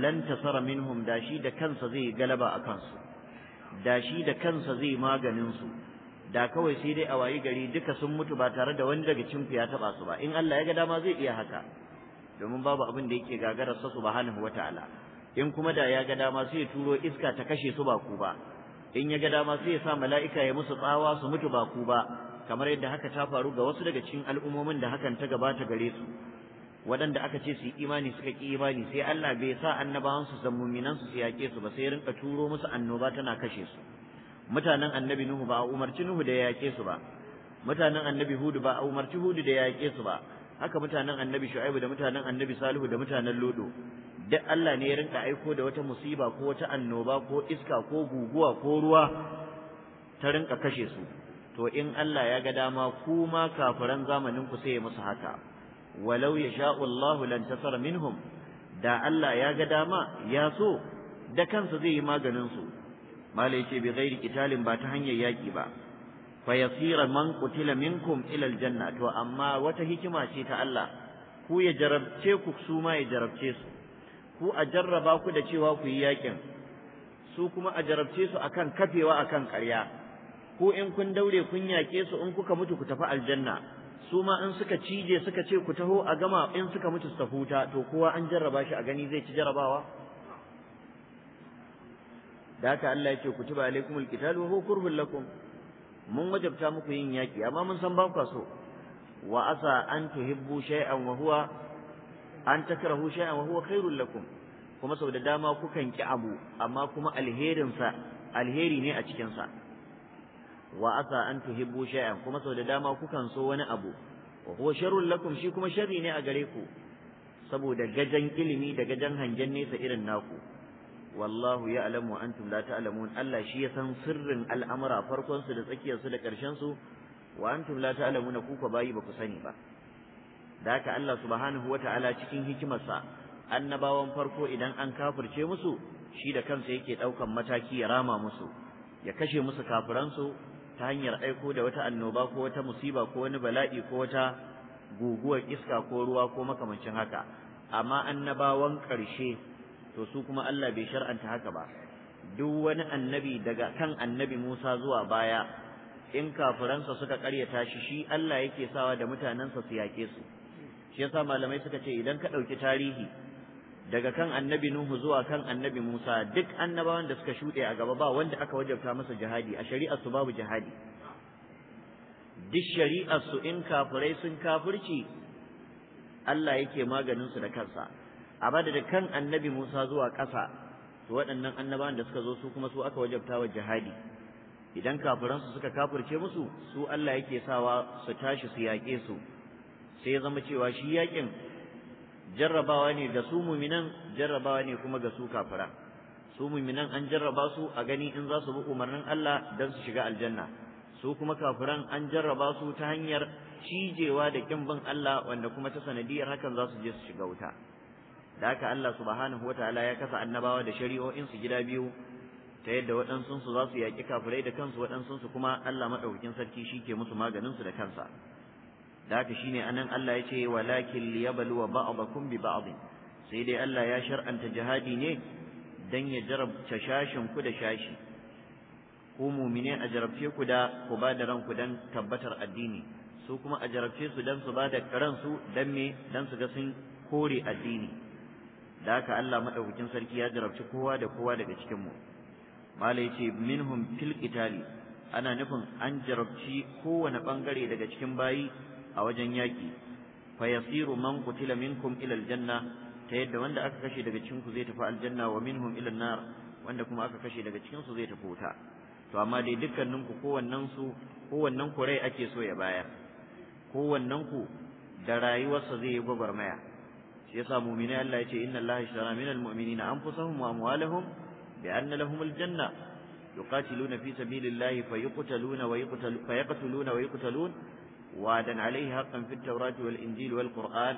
lan tasara minhum da shi da kansa zai galaba a kansu da shi da kansa zai maganin su da kawai sai dai a wayi gari duka sun mutu ba tare da wani daga cinku ya taɓa su ba in Allah ya ga dama zai iya haka domin babu abin da yake gagarar sa subhanahu wataala in kuma da ya ga dama sai ya turo iska ta kashe su ba ku ba in ya ga dama sai ya sa mala'ika ya musu tsawa su mutu ba ku ba kamar yadda haka ta faru ga wasu daga cikin al'ummomin da hakan ta gabata gare su waɗanda aka ce su imani suka ki imani sai Allah bai sa annabawan su san muminan su yake su ba sai rinka turo musu annoba tana kashe su mutanen annabi Nuhu ba a umarci Nuhu da ya yake su ba mutanen annabi Hudu ba a umarci Hudu da ya yake su ba haka mutanen annabi shu'aibu da mutanen annabi salihu da mutanen lodo duk Allah ne ya rinka aiko da wata musiba ko wata annoba ko iska ko guguwa ko ruwa ta rinka kashe su to in Allah ya ga dama ku ma kafiran zamanin ku sai ya musu haka walau sha'u Allahu lan tasara minhum da Allah ya ga dama ya so da kansa zai yi maganin su malai ce bi ghairi kitalin ba ta hanyar yaki ba fa yasira man kutila minkum ila aljanna to amma wata hikima ce ta Allah ku ya jarabce ku su ma ya jarabce su ku a jarraba ku da cewa ku yi yakin su kuma a jarabce su akan kafewa akan ƙarya ku in kun daure kun yake su in kuka mutu ku tafi aljanna su ma in suka cije suka ce ku taho a gama in suka mutu su huta to kowa an jarraba shi a gani zai ci jarrabawa da haka Allah ya ce kutiba alaikumul qitalu wa huwa lakum mun wajabta muku yin yaki amma mun san ba ku so wa asa an tuhibbu shay'an wa huwa an takrahu shay'an wa huwa khairul lakum kuma sau da dama kukan ki abu amma kuma alherin sa alheri ne a cikin sa wa asa an tuhibbu shay'an kuma sau da dama kukan so wani abu wa huwa sharrul lakum shi kuma sharri ne a gare ku saboda gajan ilimi da gajan hangen nesa irin naku wallahu ya'lamu wa antum la ta'lamun Allah shi ya san sirrin al'amura farkon su da tsakiyar su da ƙarshen su wa antum la ta'lamuna ku ko bayi ba ku sani ba da haka Allah subhanahu ta'ala cikin hikimarsa annabawan farko idan an kafirce musu shi da kansa yake ɗaukan mataki ya rama musu ya kashe musu kafiransu ta hanyar aiko da wata annoba ko wata musiba ko wani bala'i ko wata guguwar iska ko ruwa ko makamancin haka amma annabawan ƙarshe to su kuma Allah bai shar'anta haka ba duk wani annabi daga kan annabi Musa zuwa baya in kafiransa suka karyata shi shi Allah yake sawa da mutanensa su yake su shi yasa malamai suka ce idan ka ɗauki tarihi daga kan annabi Nuhu zuwa kan annabi Musa duk annabawan da suka shuɗe a gaba ba wanda aka wajabta masa jihadi a shari'ar su babu jihadi duk shari'ar su in kafirai sun kafirci Allah yake maganin su da kansa a bada da kan annabi Musa zuwa ƙasa to waɗannan annabawan da suka zo su kuma su aka wajabta wa jihadi idan kafiransu suka kafirce musu su Allah yake sawa su tashi su yaƙe su sai ya zama cewa shi yaƙin jarrabawa ne ga su muminan jarrabawa ne kuma ga su kafira su muminan an jarraba su a gani in za su bi umarnin Allah don su shiga aljanna su kuma kafiran an jarraba su ta hanyar cijewa da kin bin Allah wanda kuma ta sanadiyar hakan za su je su shiga wuta da haka Allah subhanahu wataala ya kasa annabawa da shari'o'in su gida biyu ta yadda waɗansu su za su yaƙi kafirai da kansu waɗansu su kuma Allah maɗaukin sarki shi ke musu maganin su da kansa da haka shine anan Allah ya ce walakin liyabluwa ba'dakum bi ba'd sai dai Allah ya shar'anta jihadi ne dan ya jarabta shashin ku da shashi ku mumine a jarabce ku da ku ba da ranku dan tabbatar addini su kuma a jarabce su dan su ba da karansu dan me dan su ga sun kore addini da haka Allah madaukakin sarki ya jarabci kowa da kowa daga cikin mu mala yace minhum fil qitali ana nufin an jarabci kowane bangare daga cikin bayi a wajen yaki fa yasiru man qutila minkum ila aljanna ta yadda wanda aka kashe daga cikin ku zai tafi aljanna wa minhum ila nar wanda kuma aka kashe daga cikin su zai tafi wuta to amma dai dukkanin ku kowannen su kowannen ku rai ake so ya bayar kowannen ku da rayuwarsa zai yi gwagwarmaya يطلع مؤمنا لا إن الله اشترى من المؤمنين أنفسهم وأموالهم بأن لهم الجنة يقاتلون في سبيل الله فيقتلون ويقتل فيقتلون ويقتلون وعدا عليه حقا في التوراة والإنجيل والقرآن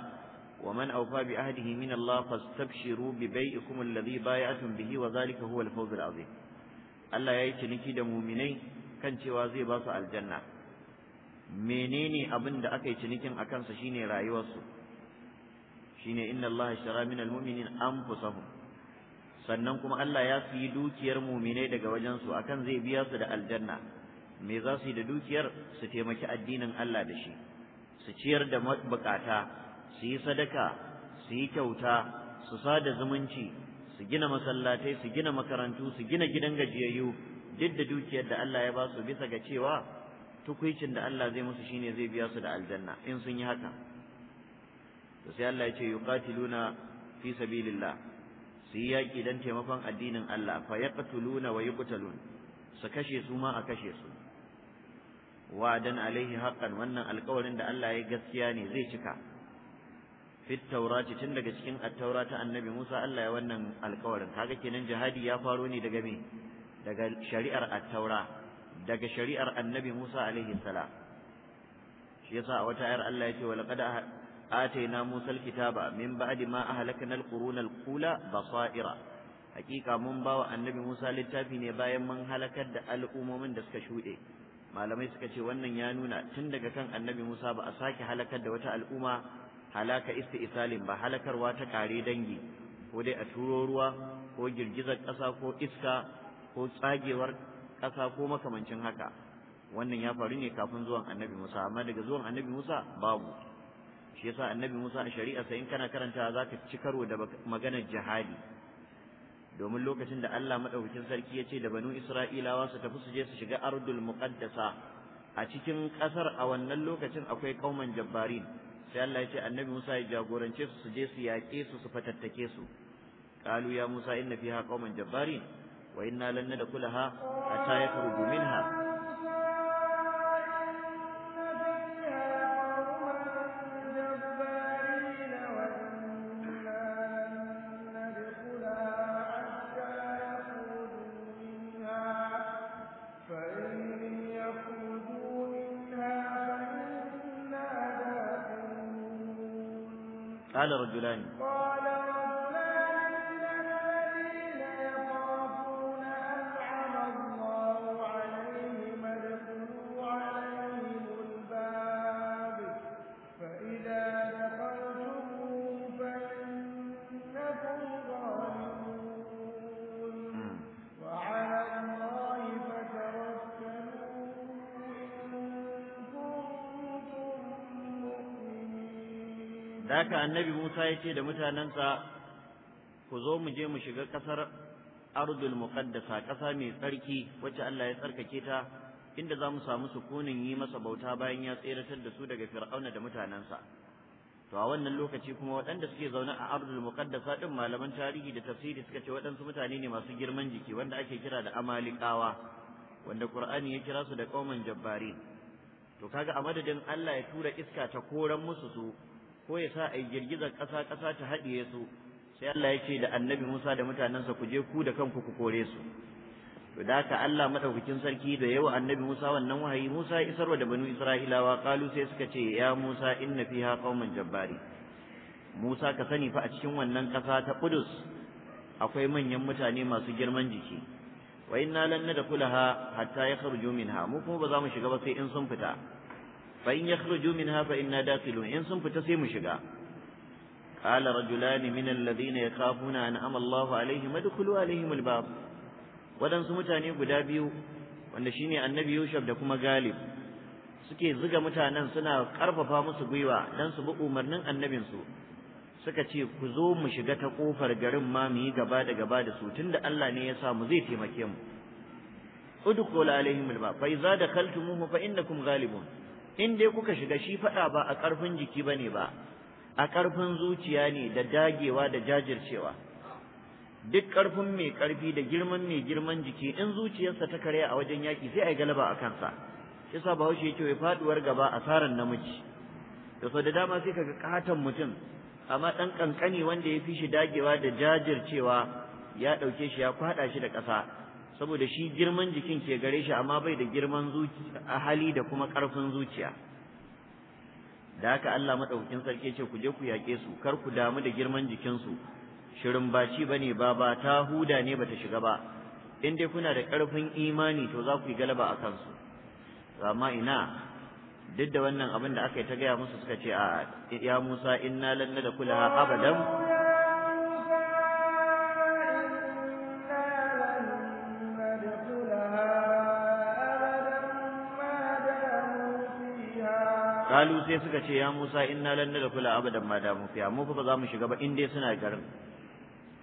ومن أوفى بعهده من الله فاستبشروا ببيئكم الذي بايعتم به وذلك هو الفوز العظيم الله يأتي نكيد مؤمنين كان شوازي باص الجنة منيني أبن دعك يتنكين أكان سشيني رأي shine inna Allah ishtara min almu'minin anfusahum sannan kuma Allah ya siyi dukiyar mu'minai daga wajen su akan zai biya su da aljanna me za su yi da dukiyar su taimaki addinin Allah da shi su ciyar da bukata su yi sadaka su yi kyauta su sada zumunci su gina masallatai su gina makarantu su gina gidan gajiyayyu duk da dukiyar da Allah ya ba su bisa ga cewa tukuicin da Allah zai musu shine zai biya su da aljanna in sun yi haka to sai Allah ya ce yuqatiluna fi sabilillah su yi yaƙi don taimakon addinin Allah fa yaqtuluna wa yuqtalun su kashe su ma a kashe su wa'adan alaihi haqqan wannan alƙawarin da Allah ya gaskiya ne zai cika fit taurati tun daga cikin attaura ta annabi Musa Allah ya wannan alƙawarin kaga kenan jihadi ya faro ne daga me daga shari'ar attaura daga shari'ar annabi Musa alaihi salam shi yasa a wata ayar Allah ya ce wa laqad ah- a آتينا موسى الكتاب من بعد ما أهلكنا القرون الأولى بصائر حقيقة من باوى النبي موسى للتافي da al'ummomin da suka shuɗe malamai suka ce wannan ya nuna tun daga kan annabi Musa ba a sake halakar da wata al'umma halaka isalin ba halakarwa ta kare dangi ko dai a tururuwa ko girgizar ƙasa ko iska ko tsagewar ƙasa ko makamancin haka wannan ya faru ne kafin zuwan annabi Musa amma daga zuwan annabi Musa babu shi yasa annabi Musa a shari'a sai in kana karanta za ka ci karo da maganar jihadi domin lokacin da Allah madaukakin sarki ya ce da banu Isra'ilawa su tafi su je su shiga ardul muqaddasa a cikin kasar a wannan lokacin akwai kauman jabbarin sai Allah ya ce annabi Musa ya jagorance su su je su yaƙe su su fatattake su qalu ya Musa inna fiha qauman jabbarin wa inna lan nadkhulaha hatta yakhruju minha فقال رجلان قال haka annabi Musa ya ce da mutanensa ku zo mu je mu shiga ƙasar ardul muqaddasa ƙasa mai tsarki wacce Allah ya tsarkake ta inda za mu samu sukunin yi masa bauta bayan ya tseratar da su daga fir'auna da mutanensa to a wannan lokaci kuma waɗanda suke zaune a ardul muqaddasa din malaman tarihi da tafsiri suka ce waɗansu mutane ne masu girman jiki wanda ake kira da amalikawa wanda qur'ani ya kira su da qauman jabbari, to kaga a madadin Allah ya tura iska ta koran musu su ko ya sa a girgizar ƙasa ƙasa ta haɗiye su sai Allah ya ce da annabi Musa da mutanensa ku je ku da kanku ku kore su to da haka Allah madaukakin sarki da yawa annabi Musa wannan wahayi Musa ya isarwa da banu Isra'ilawa kalu sai suka ce ya Musa inna fiha qauman jabbari Musa ka sani fa a cikin wannan ƙasa ta Qudus akwai manyan mutane masu girman jiki wa inna lan nadkhulaha hatta yakhruju minha mu kuma ba za mu shiga ba sai in sun fita fa in hafa minha fa inna dakhilun in sun fita sai mu shiga qala rajulan min alladhina yakhafuna an amalla Allahu alaihim adkhulu alaihim albab wadansu mutane guda biyu wanda shine annabi Yusuf da kuma Galib suke ziga mutanen suna karfafa musu gwiwa dan su bi umarnin annabinsu, su suka ce ku zo mu shiga ta kofar garin ma mu yi gaba da gaba da su tunda Allah ne ya sa mu zai taimake mu udkhulu alaihim albab fa idza dakhaltumuhu fa innakum ghalibun in dai kuka shiga shi faɗa ba a ƙarfin jiki ba ne ba a ƙarfin zuciya ne da dagewa da jajircewa duk ƙarfin mai ƙarfi da girman mai girman jiki in zuciyarsa ta karya a wajen yaƙi sai a yi galaba a kansa shi sa bahaushe ya ce wai faɗuwar gaba a asarar namiji da sau da dama sai kaga ƙaton mutum amma ɗan ƙanƙani wanda ya fi shi dagewa da jajircewa ya ɗauke shi ya kwaɗa shi da ƙasa saboda shi girman jikin ke gare shi amma bai da girman zuciya hali da kuma ƙarfin zuciya da haka Allah maɗaukin sarki ce ku je ku yake su kar ku damu da girman jikin su shirin baci bane ne ba ba ta huda ne bata shiga ba in dai kuna da ƙarfin imani to za ku yi galaba a kansu amma ina duk da wannan abin da aka yi ta gaya musu suka ce a ya Musa inna lan kula abadan Kalu sai suka ce ya Musa inna lan nadkhula abadan ma damu fiya mu fa ba za mu shiga ba in dai suna garin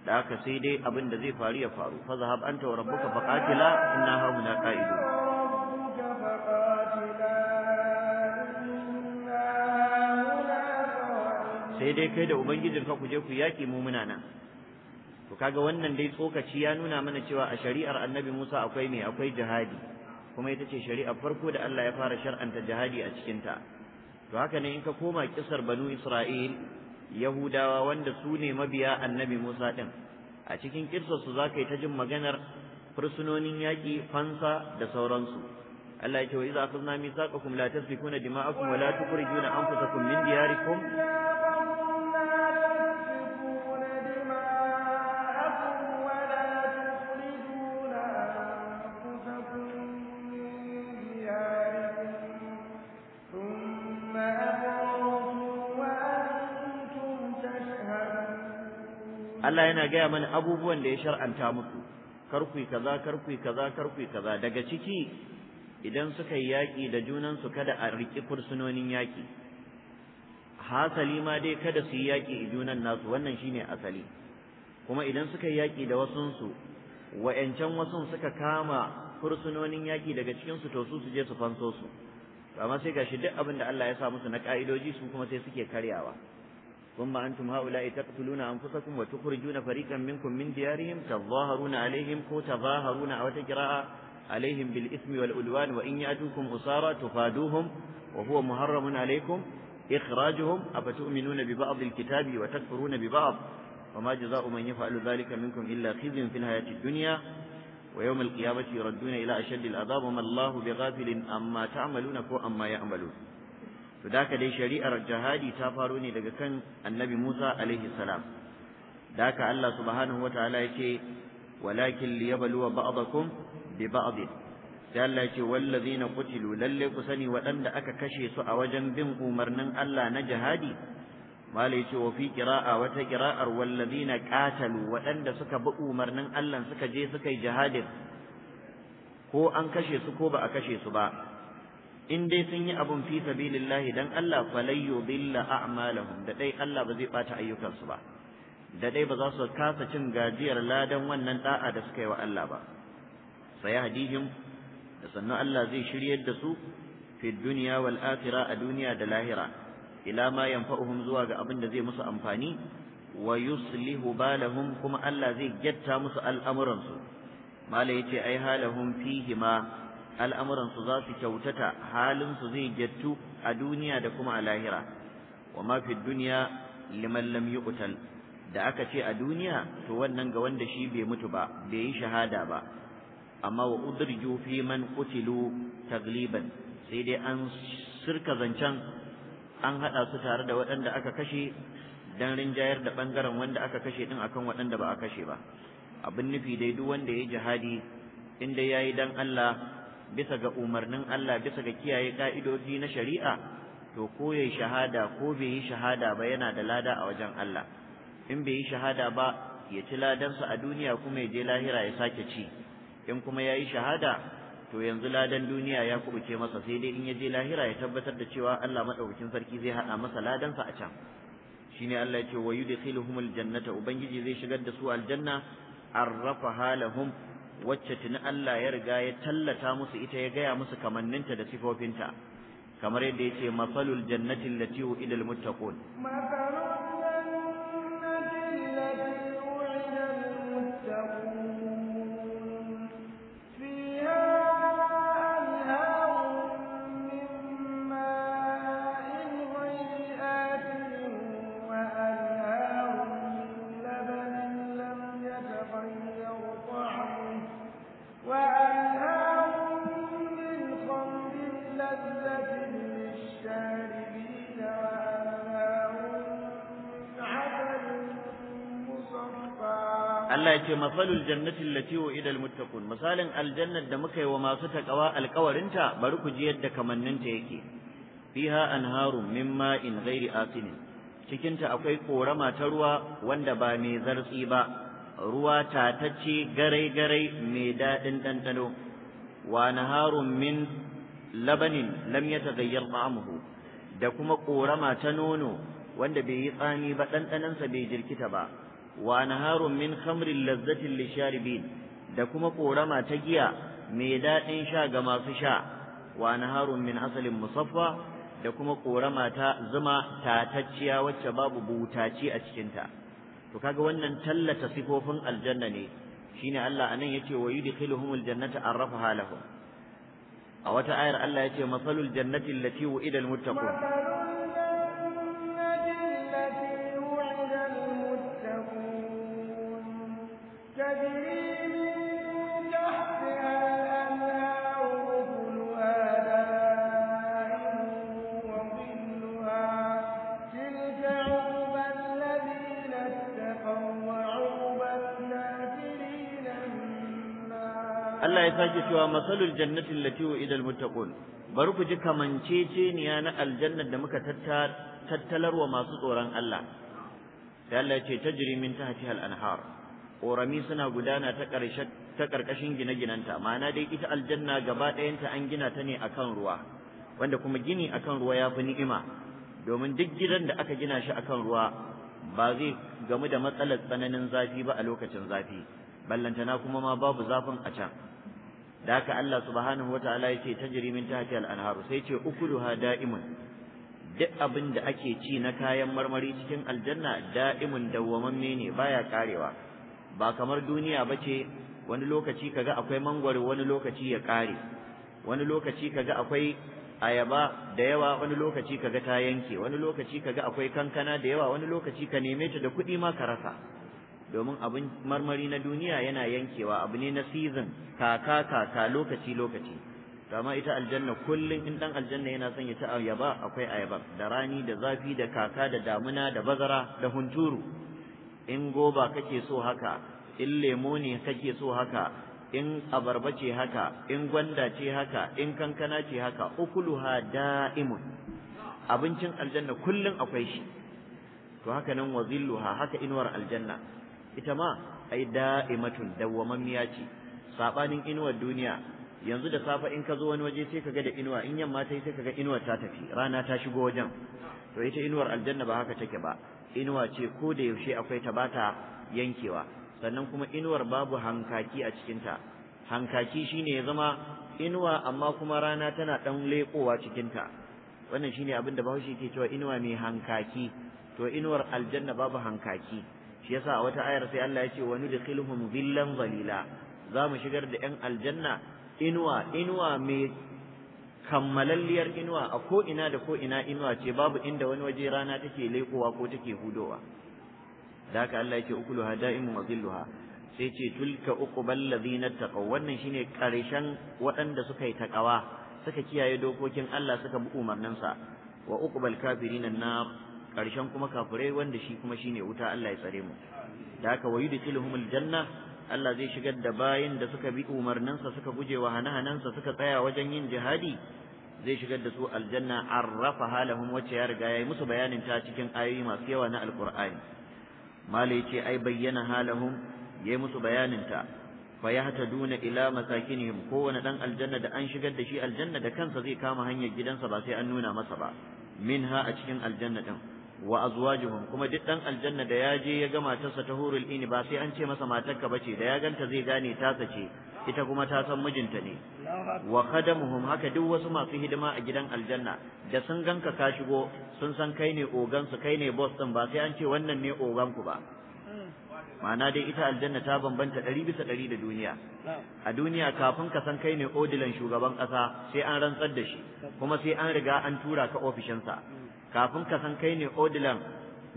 da haka sai dai abin da zai faru ya faru fa zahab anta wa rabbuka qatila inna hauna qa'idun sai dai kai da ubangijin ku je ku yaki mu muna nan to kaga wannan dai tsokaci ya nuna mana cewa a shari'ar annabi Musa akwai me akwai jihadi kuma ita ce shari'ar farko da Allah ya fara shar'anta jihadi a cikinta to haka ne in ka koma kisar banu isra'il yahudawa wanda su ne mabiya annabi musa din a cikin kirsarsu za ka yi ta jin maganar fursunonin yaƙi fansa da sauransu Allah ya ce wa iza akhadna mithaqakum la tasfikuna dima'akum wa la tukhrijuna anfusakum min diyarikum Allah yana gaya mana abubuwan da ya shar'anta musu karku kaza karku kaza karku kaza daga ciki idan suka yi yaƙi da junansu kada a riƙi kursunonin yaƙi hasali ma dai kada su yi yaƙi junan nasu wannan shine asali kuma idan suka yi yaƙi da wasunsu wa'yancan wasun suka kama fursunonin yaƙi daga cikinsu to su su je su fanso su amma sai gashi duk abin da Allah ya sa musu na ƙa'idoji su kuma sai suke karyawa ثم أنتم هؤلاء تقتلون أنفسكم وتخرجون فريقا منكم من ديارهم تظاهرون عليهم وتظاهرون تظاهرون أو عليهم بالإثم والعدوان وإن يأتوكم أسارى تفادوهم وهو محرم عليكم إخراجهم أفتؤمنون ببعض الكتاب وتكفرون ببعض وما جزاء من يفعل ذلك منكم إلا خزي في الحياة الدنيا ويوم القيامة يردون إلى أشد العذاب وما الله بغافل أما تعملون فأما يعملون to da dai shari'ar jihadi ta faro ne daga kan annabi Musa alaihi salam da haka Allah subhanahu wataala ce, walakin liyabluwa ba'dakum bi ba'd sai Allah yake wallazina qutilu lalle ku sani waɗanda aka kashe su a wajen bin umarnin Allah na jihadi malai ce, wa fi qira'a wata qira'ar wallazina qatalu waɗanda suka bi umarnin Allah suka je suka yi jihadin ko an kashe su ko ba a kashe su ba in dai sun yi abun fi sabilillahi dan Allah falai yudilla a'malahum da dai Allah ba zai bata ayyukansu ba da dai ba za su kasa cin gajiyar ladan wannan da'a da suka yi wa Allah ba sayahdihim da sannan Allah zai shiryar da su fi dunya wal akhirah a duniya da lahira ila ma yanfa'uhum zuwa ga abin da zai musu amfani wa yuslihu balahum kuma Allah zai gyatta musu al'amuransu mala yace ai halahum fihi ma al'amuransu za su kyautata halin su zai gyattu a duniya da kuma a lahira wa ma fi duniya liman lam yuqtal da aka ce a duniya to wannan ga wanda shi bai mutu ba bai yi shahada ba amma wa udriju fi man qutilu tagliban sai dai an sirka zancen an haɗa su tare da waɗanda aka kashe dan rinjayar da ɓangaren wanda aka kashe din akan waɗanda ba a kashe ba abin nufi dai duk wanda ya jihadi in dai yayi dan Allah bisa ga umarnin Allah bisa ga kiyaye ka'idoji na shari'a to ko yayi shahada ko bai yi shahada ba yana da lada a wajen Allah in bai yi shahada ba ya ci ladansa a duniya kuma ya je lahira ya sake ci in kuma ya yi shahada to yanzu ladan duniya ya kubuce masa sai dai in ya je lahira ya tabbatar da cewa Allah madaukakin sarki zai haɗa masa ladansa a can shine Allah ya ce wa yudkhiluhumul jannata ubangiji zai shigar da su aljanna hala halahum wacce tuni Allah ya riga ya tallata musu ita ya gaya musu kamanninta da sifofinta kamar yadda ce mafalul jannatin allati uidal muttaqun ce masalul jannati allati wa'ida almuttaqun misalin aljannar da muka yi wa masu takawa alkawarinta bari ku ji yadda kamanninta yake fiha anharu min ma'in ghairi asin cikin ta akwai korama ta ruwa wanda ba mai zartsi ba ruwa ta tace garai-garai mai dadin dandano wa naharun min labanin lam yataghayyar ta'amuhu da kuma korama ta nono wanda bai yi tsani ba dandanansa bai jirkita ba وأنهار من خمر اللذة للشاربين دكما قورما تجيا ميدات شا غما سشا وأنهار من عسل مصفى دكما قورما تا زما تا تجيا وشباب بو وانا أشكنتا فكاك ونن تلة صفوفن الجنة ني شين الله أن يتي ويدخلهم الجنة أرفها لهم أو تأير الله يتي مصل الجنة التي وإلى المتقون sake cewa masalul jannati allati wa'ida muttaqun bari ku ji kamanceceniya na aljanna da muka tattalarwa masu tsoron Allah sai Allah ce tajri min tahtiha al-anhar ƙorami suna gudana ta ta ƙarƙashin gine-ginanta ma'ana dai ita aljanna gaba ɗayanta an gina ta ne akan ruwa wanda kuma gini akan ruwa ya fi ni'ima domin duk gidan da aka gina shi akan ruwa ba zai gamu da matsalar tsananin zafi ba a lokacin zafi ballantana kuma ma babu zafin a can da haka Allah subhanahu wataala ce tajri min tahti al-anharu sai ce ukuluha da'imun duk abin da ake ci na kayan marmari cikin aljanna da'imun dawwamamme ne baya karewa ba kamar duniya bace wani lokaci kaga akwai mangwaro wani lokaci ya kare wani lokaci kaga akwai ayaba da yawa wani lokaci kaga ta yanke wani lokaci kaga akwai kankana da yawa wani lokaci ka neme ta da kuɗi ma ka rasa domin abin marmari na duniya yana yankewa abu ne na season kaka kaka lokaci lokaci kama ita aljanna kullum in dan aljanna yana son ya ci ayaba akwai ayaba da rani da zafi da kaka da damuna da bazara da hunturu in goba kake so haka in lemo ne kake so haka in abarba ce haka in gwanda ce haka in kankana ce haka ukuluha da'imun abincin aljanna kullum akwai shi to haka nan wazilluha haka inuwar aljanna ita ma ai da'imatun dawwamammiya ce sabanin inuwar duniya yanzu da safa in ka zo wani waje sai kaga da inuwa in yamma ta yi sai ka inuwar ta tafi rana ta shigo wajen to ita inuwar aljanna ba haka take ba inuwa ce ko da yaushe akwai ta bata yankewa sannan kuma inuwar babu hankaki a cikinta hankaki shine ya zama inuwa amma kuma rana tana dan lekowa cikinta wannan shine abin da bahaushe ke cewa inuwa mai hankaki to inuwar aljanna babu hankaki shi yasa a wata ayar sai Allah ya ce wani nudkhiluhum dhillan zalila za mu shigar da 'yan aljanna inuwa inuwa mai kammalalliyar inuwa a ko ina da ko ina inuwa ce babu inda wani waje rana take lekowa ko take hudowa da haka Allah yake ukulu hada'imu wa zilluha sai ce tulka uqbal ladina taqaw wannan shine karshen waɗanda suka yi taqawa suka kiyaye dokokin Allah suka bi umarninsa wa uqbal kafirin nar karshen kuma kafirai wanda shi kuma shine wuta Allah ya tsare mu da haka da yudkhiluhumul janna Allah zai shigar da bayin da suka bi umarninsa suka guje wa hanahanansa suka tsaya wajen yin jihadi zai shigar da su aljanna arrafa halahum wacce ya riga yayi musu bayanin ta cikin ayoyi masu yawa na alqur'ani mala ce ai bayyana halahum yayi musu bayanin ta fa yahtaduna ila masakinihim kowane dan aljanna da an shigar da shi aljanna da kansa zai kama hanyar gidansa ba sai an nuna masa ba minha a cikin aljanna din wa azwajuhum kuma duk dan aljanna da ya je ya ga matarsa ta hurul ini ba sai an ce masa matarka bace da ya ganta zai gane ta ce ita kuma ta san mijinta ne wa khadamuhum haka duk wasu masu hidima a gidan aljanna da sun ganka ka shigo sun san kai ne ogan su kai ne boss din ba sai an ce wannan ne ogan ku ba ma'ana dai ita aljanna ta bambanta ɗari bisa ɗari da duniya a duniya kafin ka san kai ne odilan shugaban kasa sai an rantsar da shi kuma sai an riga an tura ka ofishinsa kafin ka san kai ne odilan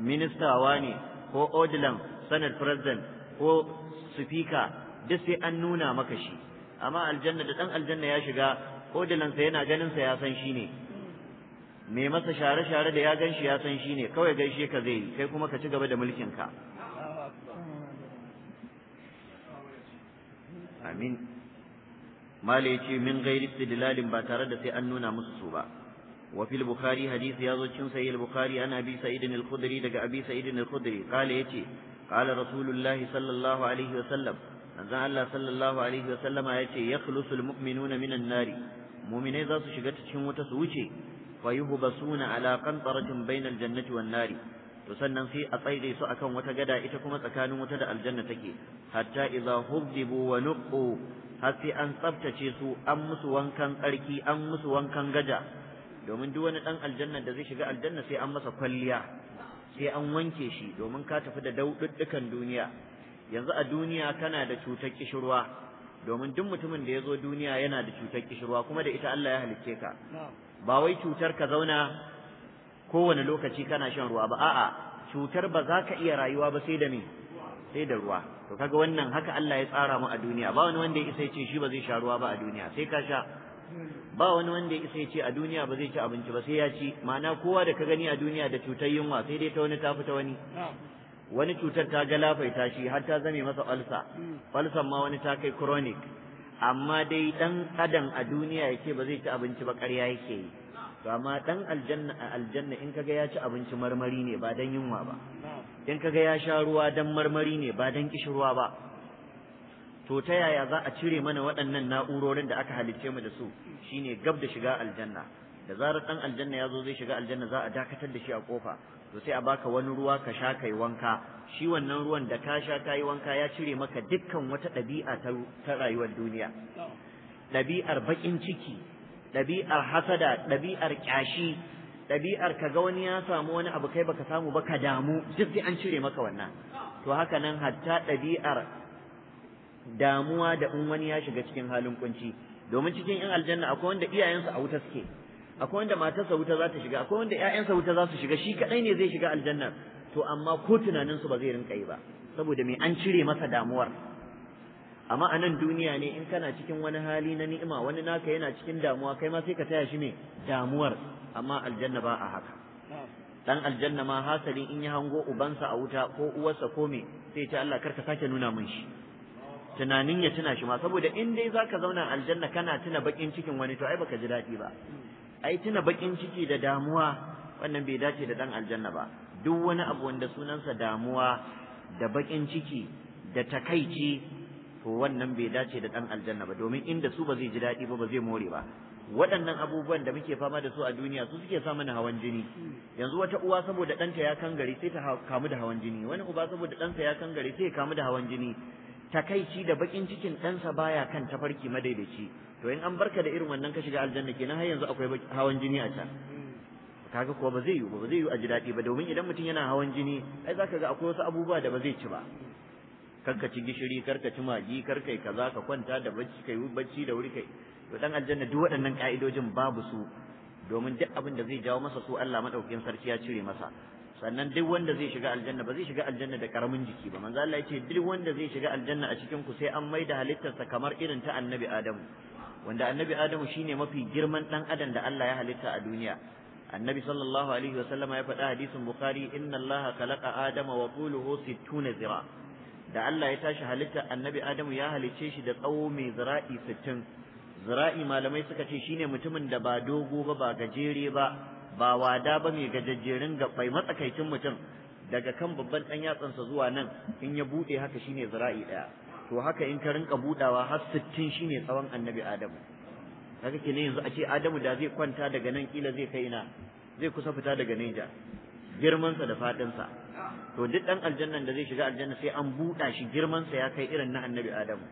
ministawa ne ko odilan senate president ko speaker duk sai an nuna maka shi amma aljanna da dan aljanna ya shiga odilansa yana ganin sa ya san shi ne mai masa share-share da ya gan shi ya san shi ne kawai gaishe ka zai kai kuma ka ci gaba da mulkin ka amin ya ce min gairi dalalin ba tare da sai an nuna musu su ba وفي البخاري حديث يازوج سي البخاري عن ابي سعيد الخدري دغ ابي سعيد الخدري قال يتي قال رسول الله صلى الله عليه وسلم أن الله صلى الله عليه وسلم يتي يخلص المؤمنون من النار مؤمني ذات شغت تشم وتسوچي فيهبسون على قنطرة بين الجنة والنار تسنن في أطيد سوء كم وتجدى إتكم تكانوا متدى الجنة كي حتى إذا هذبوا ونقوا حتى أن تبتشي سوء أمس وان كان أركي أمس وان كان جدا domin duk wani dan aljanna da zai shiga aljanna sai an masa kwalliya sai an wanke shi domin ka tafi da daududdukan duniya yanzu a duniya kana da cutar kishirwa domin duk mutumin da ya zo duniya yana da cutar kishirwa kuma da ita Allah ya halicce ka ba wai cutar ka zauna kowane lokaci kana shan ruwa ba a'a cutar ba za ka iya rayuwa ba sai da me sai da ruwa to kaga wannan haka Allah ya tsara mu a duniya ba wani wanda ya isa ya ce shi ba zai sha ruwa ba a duniya sai ka sha ba wani wanda ya isa ya ce a duniya ba zai ci abinci ba sai ya ci ma'ana kowa da ka gani a duniya da cutar yunwa sai dai ta wani ta fita wani wani cutar ta ga ta shi har ta zame masa falsa falsan hmm. ma wani ta kai chronic amma dai dan adam a duniya ya ce ba zai ci abinci ba ƙarya yake yi to amma dan aljanna aljanna in kaga ya ci abinci marmari ne ba dan yunwa ba in kaga ya sha ruwa dan marmari ne ba dan kishirwa ba to ta yaya za a cire mana waɗannan na'urorin da aka halicce mu da su shine gab da shiga aljanna da zarar ɗan aljanna ya zo zai shiga aljanna za a dakatar da shi a kofa to sai a baka wani ruwa ka sha kai wanka shi wannan ruwan da ka sha kai wanka ya cire maka dukkan wata ɗabi'a ta rayuwar duniya ɗabi'ar baƙin ciki ɗabi'ar hasada ɗabi'ar ƙyashi ɗabi'ar ka ga wani ya samu wani abu kai baka samu ba ka damu duk sai an cire maka wannan to haka nan hatta ɗabi'ar damuwa da in wani ya shiga cikin halin kunci domin cikin yan aljanna akwai wanda iyayensa a wuta suke akwai wanda matarsa wuta za ta shiga akwai wanda iyayensa wuta za su shiga shi kadai ne zai shiga aljanna to amma ko tunanin su ba zai rinka yi ba saboda me an cire masa damuwar amma a nan duniya ne in kana cikin wani hali na ni'ima wani naka yana cikin damuwa kai ma sai ka taya shi me damuwar amma aljanna ba a haka dan aljanna ma hasalin in ya hango ubansa a wuta ko uwarsa ko me sai ta Allah karka sake nuna mun shi tunanin ya tuna shi ma saboda in dai zaka zauna aljanna kana tuna bakin cikin wani to ai baka ji daɗi ba ai tuna bakin ciki da damuwa wannan bai dace da dan aljanna ba duk wani abu wanda sunansa damuwa da bakin ciki da takaici to wannan bai dace da dan aljanna ba domin inda su ba zai ji daɗi ba ba zai more ba waɗannan abubuwan da muke fama da su a duniya su suke sa mana hawan jini yanzu wata uwa saboda ɗanta ya kangare sai ta kamu da hawan jini wani uba saboda ɗansa ya kangare sai ya kamu da hawan jini takaici da bakin cikin ɗansa baya kan tafarki madaidaici to in an barka da irin wannan ka shiga aljanna kenan har yanzu akwai hawan jini a can kaga kuwa ba zai yiwu ba zai yiwu a ji daɗi ba domin idan mutum yana hawan jini ai zaka ga akwai wasu abubuwa da ba zai ci ba karka ci gishiri karka ci magi karka kaza ka kwanta da bacci kai bacci da wuri kai to dan aljanna duk waɗannan ka'idojin babu su domin duk abin da zai jawo masa su Allah madaukakin sarki ya cire masa sannan duk wanda zai shiga aljanna ba zai shiga aljanna da karamin jiki ba manzo Allah yace duk wanda zai shiga aljanna a cikin ku sai an maida halittarsa kamar irin ta annabi Adamu wanda annabi Adamu shine mafi girman dan adam da Allah ya halitta a duniya annabi sallallahu alaihi wa sallama ya faɗa hadisin bukhari inna Allah khalaqa adama wa tuluhu 60 zira da Allah ya tashi halitta annabi Adamu ya halicce shi da tsawo mai zira'i 60 zira'i malamai suka ce shine mutumin da ba dogo ba ba gajere ba ba wada ba mai gajajjerin bai matsakaicin mutum daga kan babban ɗan yatsansa zuwa nan in ya buɗe haka shine zira'i ɗaya to haka in ka rinka buɗawa har sittin shine tsawon annabi adamu kaga kenan yanzu a ce adamu da zai kwanta daga nan kila zai kai ina zai kusa fita daga neja girmansa da faɗinsa to duk ɗan aljannan da zai shiga aljanna sai an buɗa shi girmansa ya kai irin na annabi adamu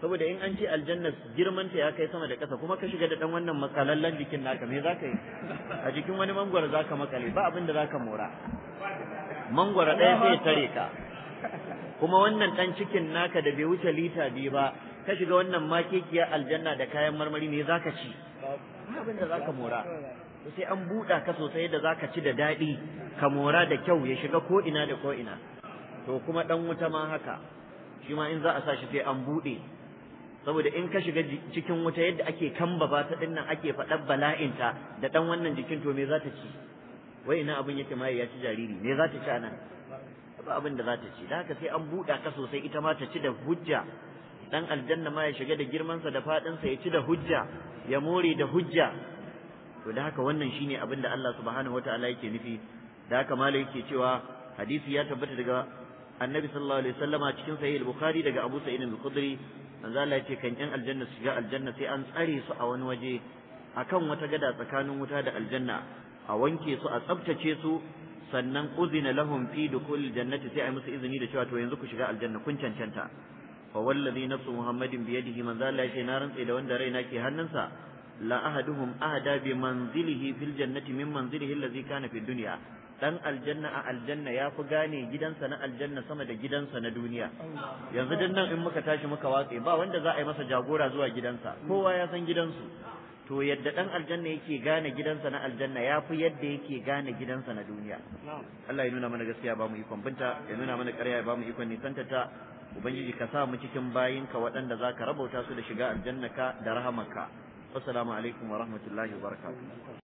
saboda in an ce aljanna girman ta ya kai sama da ƙasa kuma ka shiga da dan wannan matsalallan jikin naka me zaka yi a jikin wani za zaka makale ba abin da zaka mora mangwara ɗaya zai tare ka kuma wannan dan cikin naka da bai wuce lita biyu ba ka shiga wannan makekiyar aljanna da kayan marmari me zaka ci abin da zaka mora sai an buɗa ka sosai da zaka ci da daɗi ka mora da kyau ya shiga ko'ina da ko'ina to kuma ɗan wuta ma haka shi ma in za a sa shi sai an buɗe saboda in ka shiga cikin wuta yadda ake kambaba ta dinnan ake faɗar bala'inta da ɗan wannan jikin to me za ta ci wai ina abin yake maye ya ci jariri me za ta ci anan ba abin da za ta ci da haka sai an buɗa ka sosai ita ma ta ci da hujja dan aljanna ma ya shiga da girmansa da faɗinsa ya ci da hujja ya more da hujja to da haka wannan shine abin da Allah subhanahu wataala yake nufi da haka malai yake cewa hadisi ya tabbata daga annabi sallallahu alaihi wasallama cikin sahih al-bukhari daga abu sa'id al manzo Allah yace kan yan aljanna su ga aljanna sai an tsare su a wani waje akan wata gada tsakanin wuta da aljanna a wanke su a tsaftace su sannan uzina lahum fi dukhul jannati sai ai musu izini da cewa to yanzu ku shiga aljanna kun cancanta fa wallazi nafsu muhammadin bi yadihi manzo Allah yace na rantsa da wanda raina ke hannunsa la ahaduhum ahada bi manzilihi fil jannati min manzilihi allazi kana fid dunya dan aljanna a aljanna ya fi gane gidansa na aljanna sama da gidansa na duniya yanzu din nan in muka tashi muka watse ba wanda za a yi masa jagora zuwa gidansa kowa ya san gidansu to yadda dan aljanna yake gane gidansa na aljanna ya fi yadda yake gane gidansa na duniya Allah ya nuna mana gaskiya ba mu ikon binta ya nuna mana ƙarya ya ba mu ikon nisanta ta ubangiji ka sa mu cikin bayinka waɗanda za ka rabauta su da shiga aljannaka da rahamaka assalamu alaikum wa rahmatullahi wa barakatuh